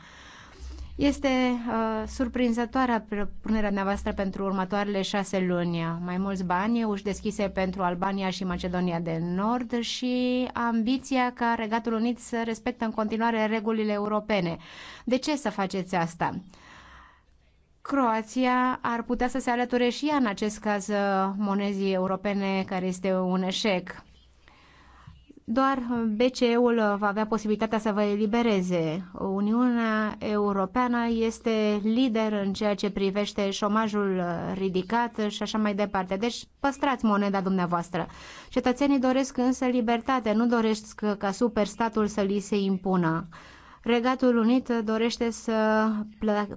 Este uh, surprinzătoarea propunerea noastră pentru următoarele șase luni. Mai mulți bani, uși deschise pentru Albania și Macedonia de Nord și ambiția ca Regatul Unit să respectă în continuare regulile europene. De ce să faceți asta? Croația ar putea să se alăture și ea în acest caz uh, monezii europene, care este un eșec doar uh, BCE-ul uh, va avea posibilitatea să vă elibereze. Uniunea Europeană este lider în ceea ce privește șomajul uh, ridicat și așa mai departe. Deci păstrați moneda dumneavoastră. Cetățenii doresc însă libertate, nu doresc ca superstatul să li se impună. Regatul Unit dorește să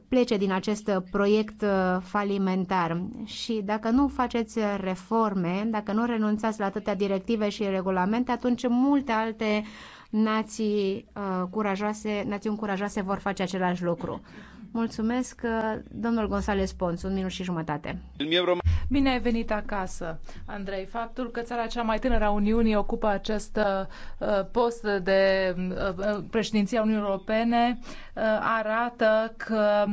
plece din acest proiect uh, falimentar și dacă nu faceți reforme, dacă nu renunțați la atâtea directive și regulamente, atunci multe alte nații uh, curajoase, națiuni curajoase vor face același lucru. Mulțumesc, domnul González Pons, un minut și jumătate. Bine ai venit acasă, Andrei. Faptul că țara cea mai tânără a Uniunii ocupă acest uh, post de uh, președinția Uniunii Europene uh, arată că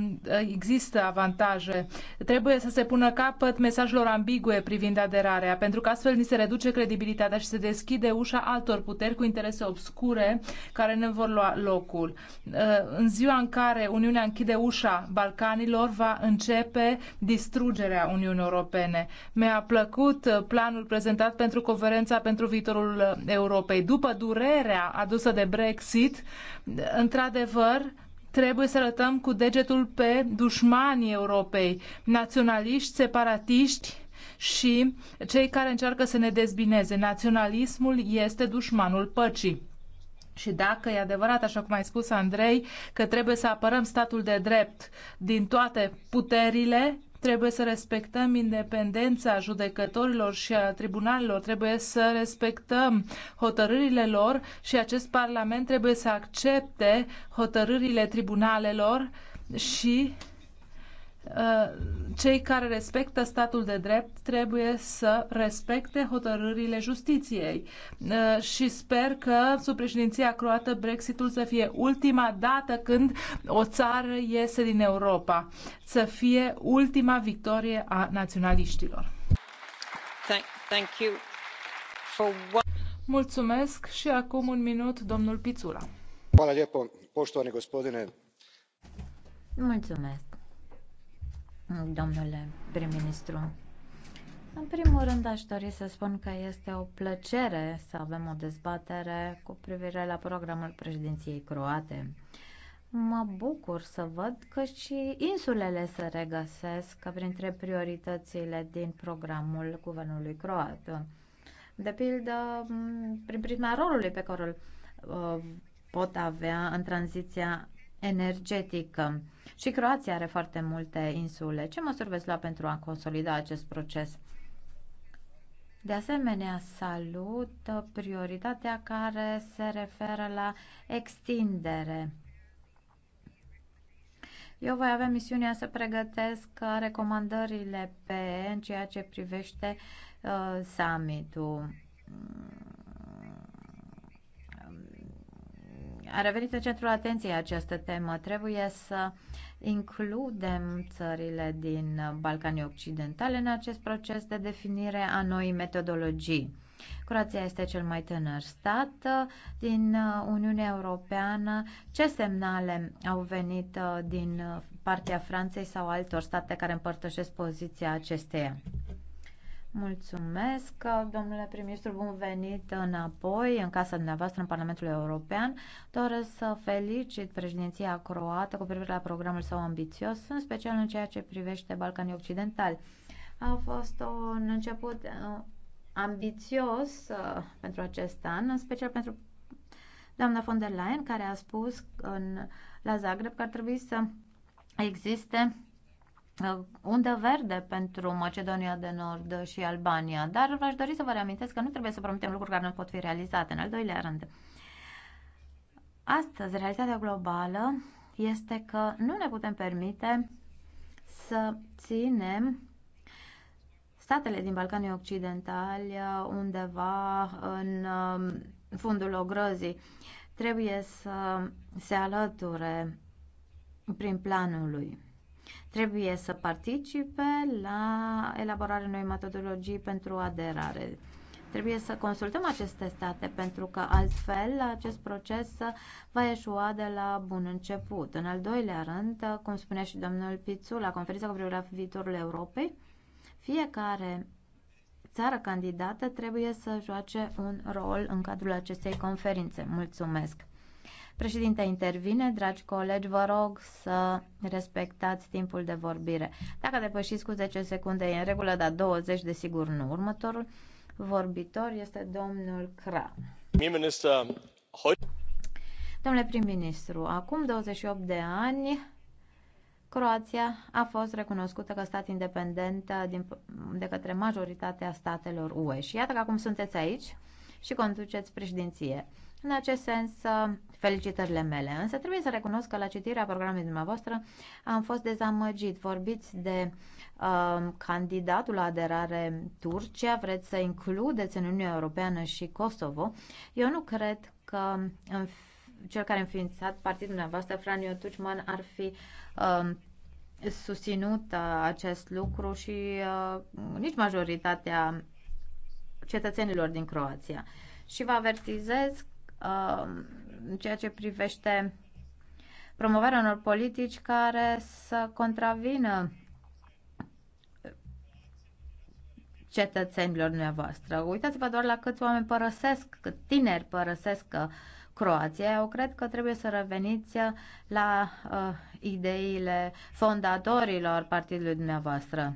există avantaje. Trebuie să se pună capăt mesajelor ambigue privind aderarea, pentru că astfel ni se reduce credibilitatea și se deschide ușa altor puteri cu interese obscure care ne vor lua locul. În ziua în care Uniunea închide ușa Balcanilor va începe distrugerea Uniunii Europene. Mi-a plăcut planul prezentat pentru conferența pentru viitorul Europei. După durerea adusă de Brexit, într-adevăr, trebuie să arătăm cu degetul pe dușmanii Europei, naționaliști, separatiști și cei care încearcă să ne dezbineze. Naționalismul este dușmanul păcii. Și dacă e adevărat, așa cum ai spus, Andrei, că trebuie să apărăm statul de drept din toate puterile, trebuie să respectăm independența judecătorilor și a tribunalelor, trebuie să respectăm hotărârile lor și acest Parlament trebuie să accepte hotărârile tribunalelor și cei care respectă statul de drept trebuie să respecte hotărârile justiției. Uh, și sper că sub președinția croată Brexitul să fie ultima dată când o țară iese din Europa, să fie ultima victorie a naționaliștilor. Thank, you for Mulțumesc și acum un minut domnul Pițula. Hvala lijepo, poštovani gospodine. Mulțumesc domnule prim-ministru. În primul rând, aș dori să spun că este o plăcere să avem o dezbatere cu privire la programul președinției croate. Mă bucur să văd că și insulele se regăsesc printre prioritățile din programul guvernului croat. De pildă, prin prisma rolului pe care îl uh, pot avea în tranziția energetică și Croația are foarte multe insule. Ce măsuri veți lua pentru a consolida acest proces? De asemenea, salut prioritatea care se referă la extindere. Eu voi avea misiunea să pregătesc recomandările pe în ceea ce privește uh, summitul a revenit în centrul atenției această temă. Trebuie să includem țările din Balcanii Occidentale în acest proces de definire a noii metodologii. Croația este cel mai tânăr stat din Uniunea Europeană. Ce semnale au venit din partea Franței sau altor state care împărtășesc poziția acesteia? Mulțumesc, domnule prim-ministru, bun venit înapoi în casa dumneavoastră în Parlamentul European. Doresc să felicit președinția croată cu privire la programul său ambițios, în special în ceea ce privește Balcanii Occidentali. A fost un început uh, ambițios uh, pentru acest an, în special pentru doamna von der Leyen, care a spus în, la Zagreb că ar trebui să existe Uh, undă verde pentru Macedonia de Nord și Albania, dar aș dori să vă reamintesc că nu trebuie să promitem lucruri care nu pot fi realizate. În al doilea rând, astăzi realitatea globală este că nu ne putem permite să ținem statele din Balcanii Occidentali undeva în um, fundul ogrăzii. Trebuie să se alăture prin planul lui trebuie să participe la elaborarea noi metodologii pentru aderare. Trebuie să consultăm aceste state pentru că altfel acest proces va eșua de la bun început. În al doilea rând, cum spunea și domnul Pițu la conferința cu privire la viitorul Europei, fiecare țară candidată trebuie să joace un rol în cadrul acestei conferințe. Mulțumesc! Președinte intervine, dragi colegi, vă rog să respectați timpul de vorbire. Dacă depășiți cu 10 secunde e în regulă, dar 20 desigur nu. Următorul vorbitor este domnul Cra. Domnule prim-ministru, acum 28 de ani Croația a fost recunoscută ca stat independent din, de către majoritatea statelor UE. Și iată că acum sunteți aici și conduceți președinție. În acest sens, uh, felicitările mele. Însă trebuie să recunosc că la citirea programului dumneavoastră am fost dezamăgit. Vorbiți de uh, candidatul la aderare Turcia, vreți să includeți în Uniunea Europeană și Kosovo. Eu nu cred că în cel care a înființat partidul dumneavoastră, Franio Tuchman, ar fi uh, susținut uh, acest lucru și uh, nici majoritatea cetățenilor din Croația. Și vă avertizez Um, în ceea ce privește promovarea unor politici care să contravină cetățenilor dumneavoastră. Uitați-vă doar la câți oameni părăsesc, cât tineri părăsesc uh, Croația. Eu cred că trebuie să reveniți uh, la uh, ideile fondatorilor partidului dumneavoastră.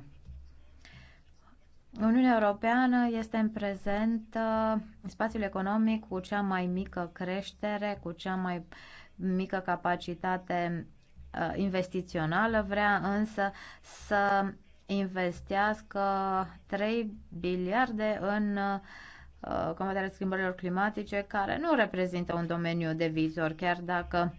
Uniunea Europeană este în prezent uh, spațiul economic cu cea mai mică creștere, cu cea mai mică capacitate uh, investițională, vrea însă să investească 3 biliarde în uh, Uh, combaterea schimbărilor climatice, care nu reprezintă un domeniu de vizor, chiar dacă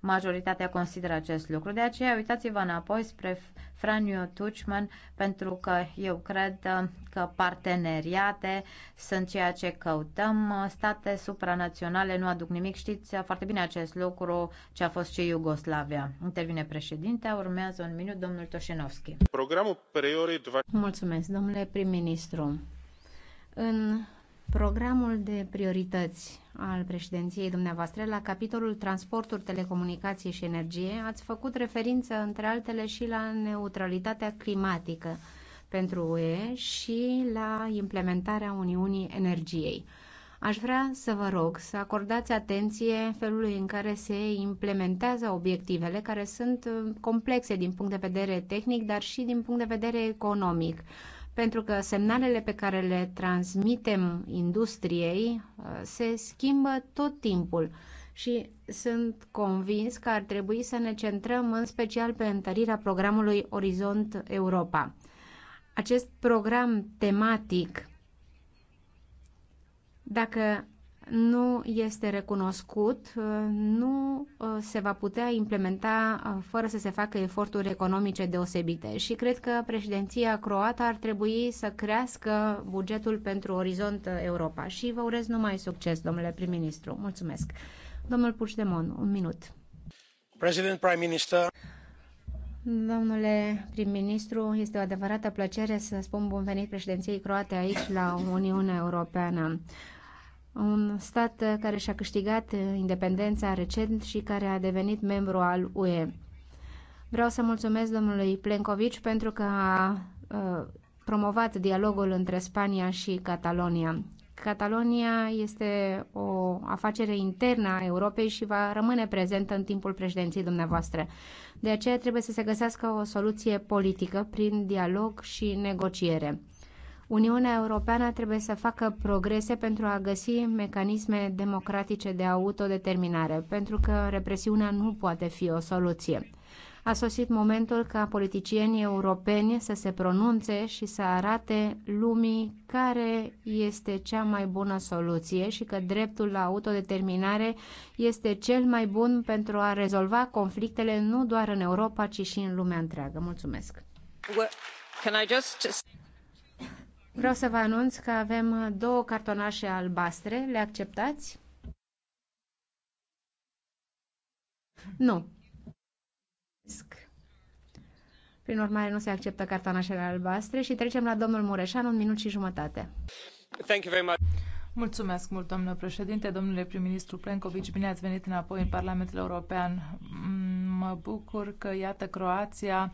majoritatea consideră acest lucru. De aceea, uitați-vă înapoi spre Franiu Tuchman, pentru că eu cred uh, că parteneriate sunt ceea ce căutăm. State supranaționale nu aduc nimic. Știți uh, foarte bine acest lucru, ce a fost și Iugoslavia. Intervine președintea, urmează un minut domnul Toșenovski. Programul priori. Mulțumesc, domnule prim-ministru. În Programul de priorități al președinției dumneavoastră la capitolul transporturi, telecomunicații și energie ați făcut referință între altele și la neutralitatea climatică pentru UE și la implementarea Uniunii Energiei. Aș vrea să vă rog să acordați atenție felului în care se implementează obiectivele care sunt uh, complexe din punct de vedere tehnic, dar și din punct de vedere economic pentru că semnalele pe care le transmitem industriei uh, se schimbă tot timpul și sunt convins că ar trebui să ne centrăm în special pe întărirea programului Orizont Europa. Acest program tematic, dacă nu este recunoscut, uh, nu uh, se va putea implementa uh, fără să se facă eforturi economice deosebite. Și cred că președinția croată ar trebui să crească bugetul pentru Orizont Europa. Și vă urez numai succes, domnule prim-ministru. Mulțumesc. Domnul Puigdemont, un minut. President, Prime Minister. Domnule prim-ministru, este o adevărată plăcere să spun bun venit președinției croate aici la Uniunea Europeană un stat care și-a câștigat independența recent și care a devenit membru al UE. Vreau să mulțumesc domnului Plencovici pentru că a promovat dialogul între Spania și Catalonia. Catalonia este o afacere internă a Europei și va rămâne prezentă în timpul președinției dumneavoastră. De aceea trebuie să se găsească o soluție politică prin dialog și negociere. Uniunea Europeană trebuie să facă progrese pentru a găsi mecanisme democratice de autodeterminare, pentru că represiunea nu poate fi o soluție. A sosit momentul ca politicienii europeni să se pronunțe și să arate lumii care este cea mai bună soluție și că dreptul la autodeterminare este cel mai bun pentru a rezolva conflictele nu doar în Europa, ci și în lumea întreagă. Mulțumesc! Can I just... Vreau să vă anunț că avem două cartonașe albastre. Le acceptați? Nu. Prin urmare, nu se acceptă cartonașele albastre și trecem la domnul Mureșan, un minut și jumătate. Thank you very much. Mulțumesc mult, domnule președinte, domnule prim-ministru Plenković, bine ați venit înapoi în Parlamentul European. Mă bucur că, iată, Croația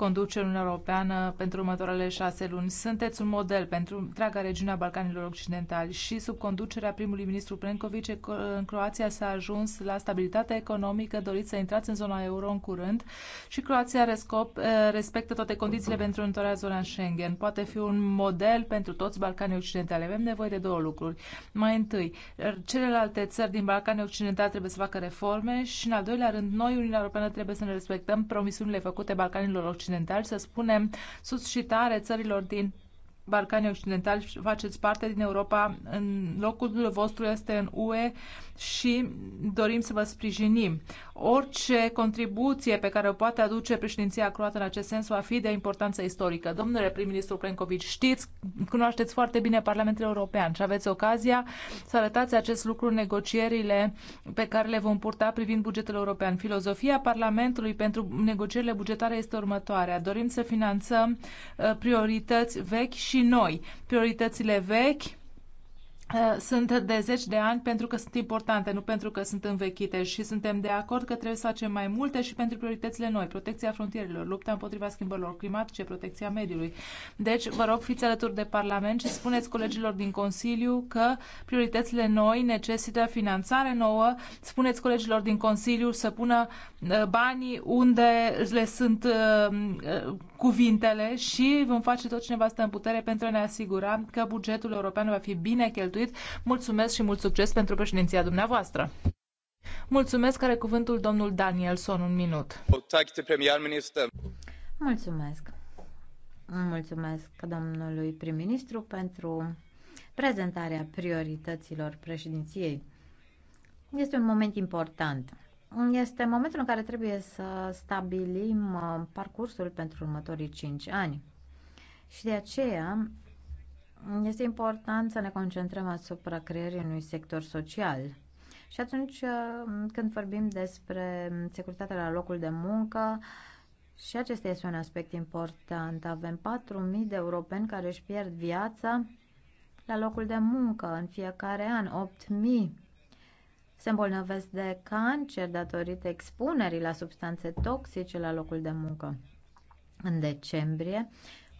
conduce Uniunea Europeană pentru următoarele șase luni. Sunteți un model pentru întreaga regiune a Balcanilor Occidentali și sub conducerea primului ministru Plenković în Croația s-a ajuns la stabilitate economică, doriți să intrați în zona euro în curând și Croația rescop, respectă toate condițiile pentru întoarcerea zona în Schengen. Poate fi un model pentru toți Balcanii Occidentali. Avem nevoie de două lucruri. Mai întâi, er, celelalte țări din Balcanii Occidentali trebuie să facă reforme și, în al doilea rând, noi, Uniunea Europeană, trebuie să ne respectăm promisiunile făcute Balcanilor Occidentali occidental, să spunem suscitare țărilor din Balcanii Occidentali, faceți parte din Europa, în locul vostru este în UE și dorim să vă sprijinim. Orice contribuție pe care o poate aduce președinția croată în acest sens va fi de importanță istorică. Domnule prim-ministru Plenković, știți, cunoașteți foarte bine Parlamentul European și aveți ocazia să arătați acest lucru în negocierile pe care le vom purta privind bugetul european. Filozofia Parlamentului pentru negocierile bugetare este următoarea. Dorim să finanțăm uh, priorități vechi și noi, prioritățile vechi Uh, sunt de zeci de ani pentru că sunt importante, nu pentru că sunt învechite și suntem de acord că trebuie să facem mai multe și pentru prioritățile noi, protecția frontierelor, lupta împotriva schimbărilor climatice, protecția mediului. Deci, vă rog, fiți alături de Parlament și spuneți colegilor din Consiliu că prioritățile noi necesită finanțare nouă, spuneți colegilor din Consiliu să pună uh, banii unde le sunt uh, cuvintele și vom face tot ce ne va stă în putere pentru a ne asigura că bugetul european va fi bine cheltuit instituit. Mulțumesc și mult succes pentru președinția dumneavoastră! Mulțumesc, care cuvântul domnul Danielson, un minut. Mulțumesc. Mulțumesc domnului prim-ministru pentru prezentarea priorităților președinției. Este un moment important. Este momentul în care trebuie să stabilim uh, parcursul pentru următorii 5 ani. Și de aceea este important să ne concentrăm asupra creierii unui sector social. Și atunci uh, când vorbim despre securitatea la locul de muncă, și acesta este un aspect important. Avem 4.000 de europeni care își pierd viața la locul de muncă în fiecare an, 8.000 se îmbolnăvesc de cancer datorită expunerii la substanțe toxice la locul de muncă. În decembrie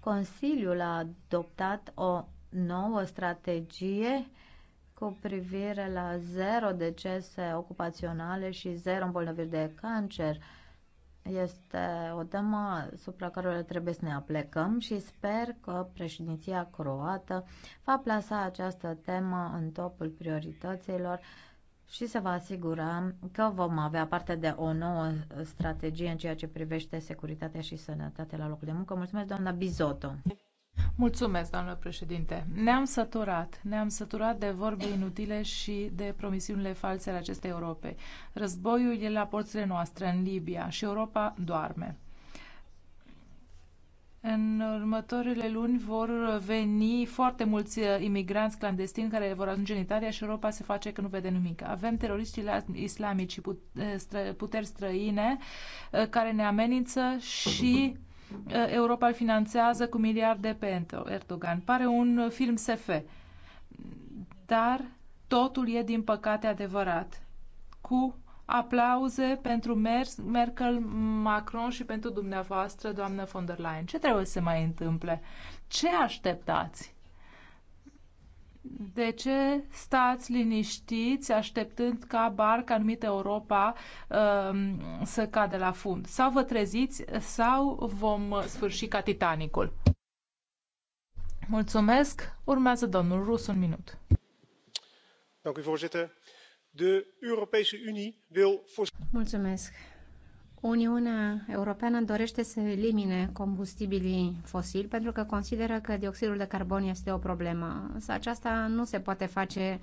Consiliul a adoptat o nouă strategie cu privire la zero decese ocupaționale și zero îmbolnăviri de cancer. Este o temă asupra care trebuie să ne aplecăm și sper că președinția croată va plasa această temă în topul priorităților și se va asigura că vom avea parte de o nouă strategie în ceea ce privește securitatea și sănătatea la locul de muncă. Mulțumesc, doamna Bizoto! Mulțumesc, doamnă președinte. Ne-am săturat. Ne-am săturat de vorbe inutile și de promisiunile false ale acestei Europe. Războiul e la porțile noastre, în Libia, și Europa doarme. În următoarele luni vor veni foarte mulți uh, imigranți clandestini care vor ajunge în Italia și Europa se face că nu vede nimic. Avem teroriștii islamici și uh, puteri străine uh, care ne amenință și Europa îl finanțează cu miliarde pe Erdogan. Pare un film SF, dar totul e din păcate adevărat. Cu aplauze pentru Merkel, Macron și pentru dumneavoastră, doamnă von der Leyen. Ce trebuie să se mai întâmple? Ce așteptați? De ce stați liniștiți așteptând ca barca anumită Europa um, să cadă la fund? Sau vă treziți sau vom sfârși ca Titanicul? Mulțumesc. Urmează domnul Rus un minut. Dank u de europese unie wil. Mulțumesc. Uniunea Europeană dorește să elimine combustibilii fosili pentru că consideră că dioxidul de carbon este o problemă. Însă aceasta nu se poate face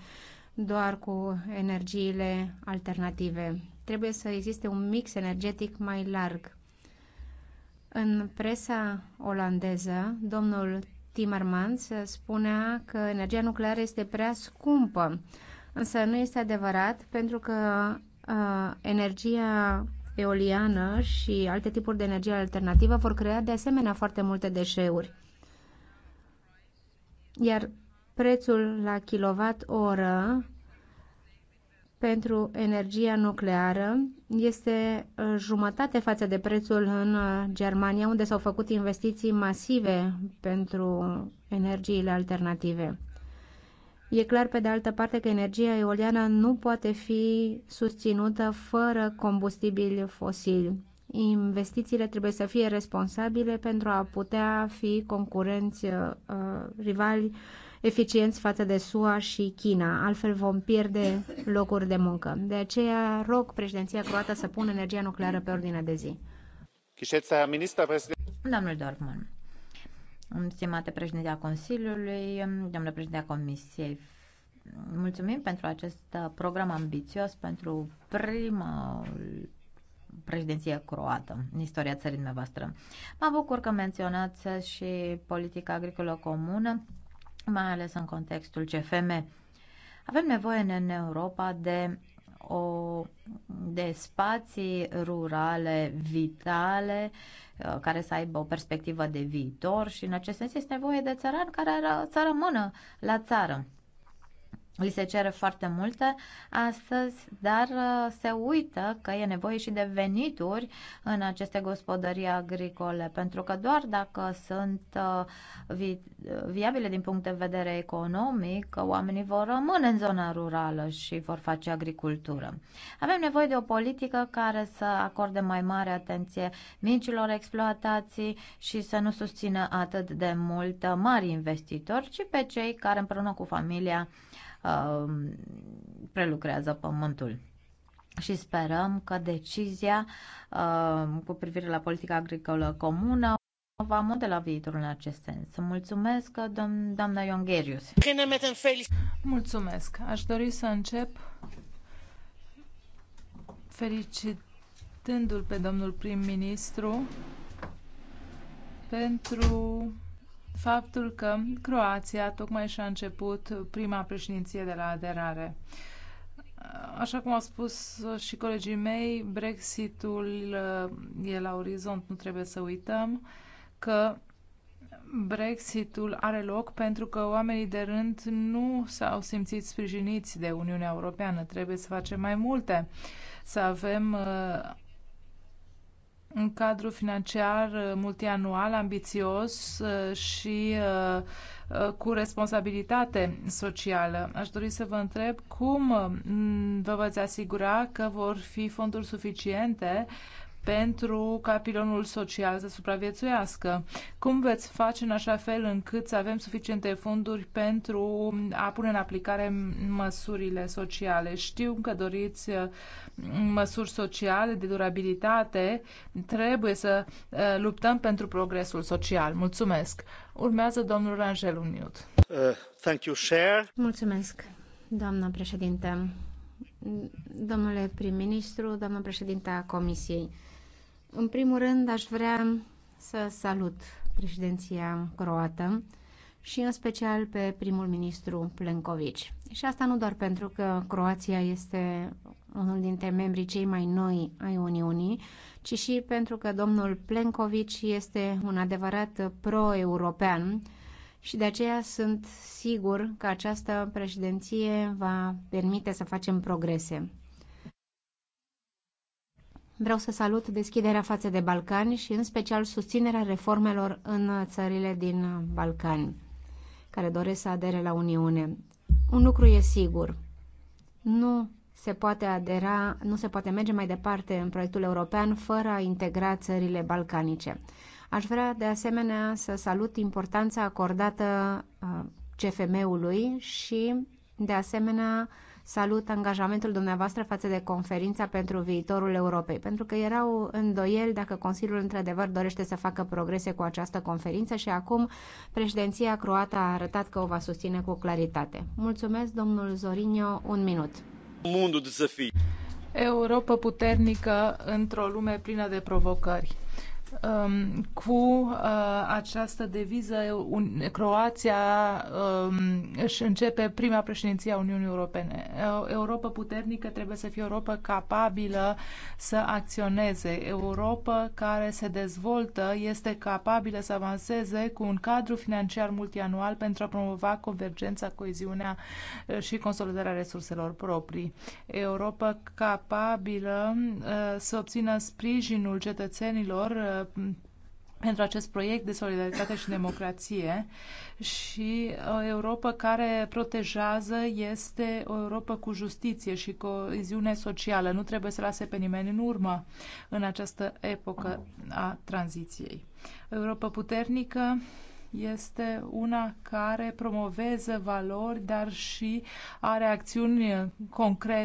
doar cu energiile alternative. Trebuie să existe un mix energetic mai larg. În presa olandeză, domnul Timmermans spunea că energia nucleară este prea scumpă însă nu este adevărat pentru că uh, energia eoliană și alte tipuri de energie alternativă vor crea de asemenea foarte multe deșeuri. Iar prețul la kilowatt-oră pentru energia nucleară este uh, jumătate față de prețul în uh, Germania, unde s-au făcut investiții masive pentru energiile alternative. E clar, pe de altă parte, că energia eoliană nu poate fi susținută fără combustibili fosili. Investițiile trebuie să fie responsabile pentru a putea fi concurenți uh, rivali eficienți față de SUA și China, altfel vom pierde locuri de muncă. De aceea rog președinția croată să pună energia nucleară pe ordinea de zi. Domnul Dorfman Stimate președinte a Consiliului, domnule președinte a Comisiei, mulțumim pentru acest program ambițios pentru prima președinție croată în istoria țării noastre. Mă bucur că menționați și politica agricolă comună, mai ales în contextul CFM. Avem nevoie în Europa de o, de spații rurale vitale uh, care să aibă o perspectivă de viitor și în acest sens este nevoie de țărani care să rămână la țară li se cere foarte multe astăzi, dar uh, se uită că e nevoie și de venituri în aceste gospodării agricole, pentru că doar dacă sunt uh, vi uh, viabile din punct de vedere economic, oamenii vor rămâne în zona rurală și vor face agricultură. Avem nevoie de o politică care să acorde mai mare atenție micilor exploatații și să nu susțină atât de mult mari investitori, ci pe cei care împreună cu familia Um, prelucrează pământul. Și sperăm că decizia um, cu privire la politica agricolă comună va modela viitorul în acest sens. Mulțumesc, doamna Iongherius. Mulțumesc. Aș dori să încep felicitându-l pe domnul prim-ministru pentru faptul că Croația tocmai și-a început prima președinție de la aderare. Așa cum au spus și colegii mei, Brexitul uh, e la orizont, nu trebuie să uităm că Brexitul are loc pentru că oamenii de rând nu s-au simțit sprijiniți de Uniunea Europeană. Trebuie să facem mai multe, să avem uh, un cadru financiar uh, multianual ambițios uh, și uh, cu responsabilitate socială. Aș dori să vă întreb cum vă veți asigura că vor fi fonduri suficiente uh, pentru ca pilonul social să supraviețuiască? Cum veți face în așa fel încât să avem suficiente fonduri pentru a pune în aplicare măsurile sociale? Știu că doriți uh, măsuri sociale de durabilitate. Trebuie să uh, luptăm pentru progresul social. Mulțumesc. Urmează domnul Rangel un minut. Uh, thank you, Cher. Mulțumesc, doamnă președinte. Domnule prim-ministru, doamnă președinte a Comisiei. În primul rând, aș vrea să salut președinția croată și în special pe primul ministru Plenković. Și asta nu doar pentru că Croația este unul dintre membrii cei mai noi ai Uniunii, ci și pentru că domnul Plenković este un adevărat pro-european și de aceea sunt sigur că această președinție va permite să facem progrese. Vreau să salut deschiderea față de Balcani și în special susținerea reformelor în țările din Balcani care doresc să adere la Uniune. Un lucru e sigur. Nu se poate adera, nu se poate merge mai departe în proiectul european fără a integra țările balcanice. Aș vrea de asemenea să salut importanța acordată uh, CFM-ului și de asemenea salut angajamentul dumneavoastră față de conferința pentru viitorul Europei, pentru că erau îndoieli dacă Consiliul într-adevăr dorește să facă progrese cu această conferință și acum președinția croată a arătat că o va susține cu claritate. Mulțumesc, domnul Zorinio, un minut. Mundul de să fii. Europa puternică într-o lume plină de provocări um, cu uh, această deviză, un, Croația um, își începe prima președinție a Uniunii Europene. Europa puternică trebuie să fie Europa capabilă să acționeze. Europa care se dezvoltă este capabilă să avanseze cu un cadru financiar multianual pentru a promova convergența, coeziunea uh, și consolidarea resurselor proprii. Europa capabilă uh, să obțină sprijinul cetățenilor uh, Uh, pentru acest proiect de solidaritate și democrație și o uh, Europa care protejează este o Europa cu justiție și coeziune socială. Nu trebuie să lase pe nimeni în urmă în această epocă a tranziției. O Europa puternică este una care promovează valori, dar și are acțiuni concrete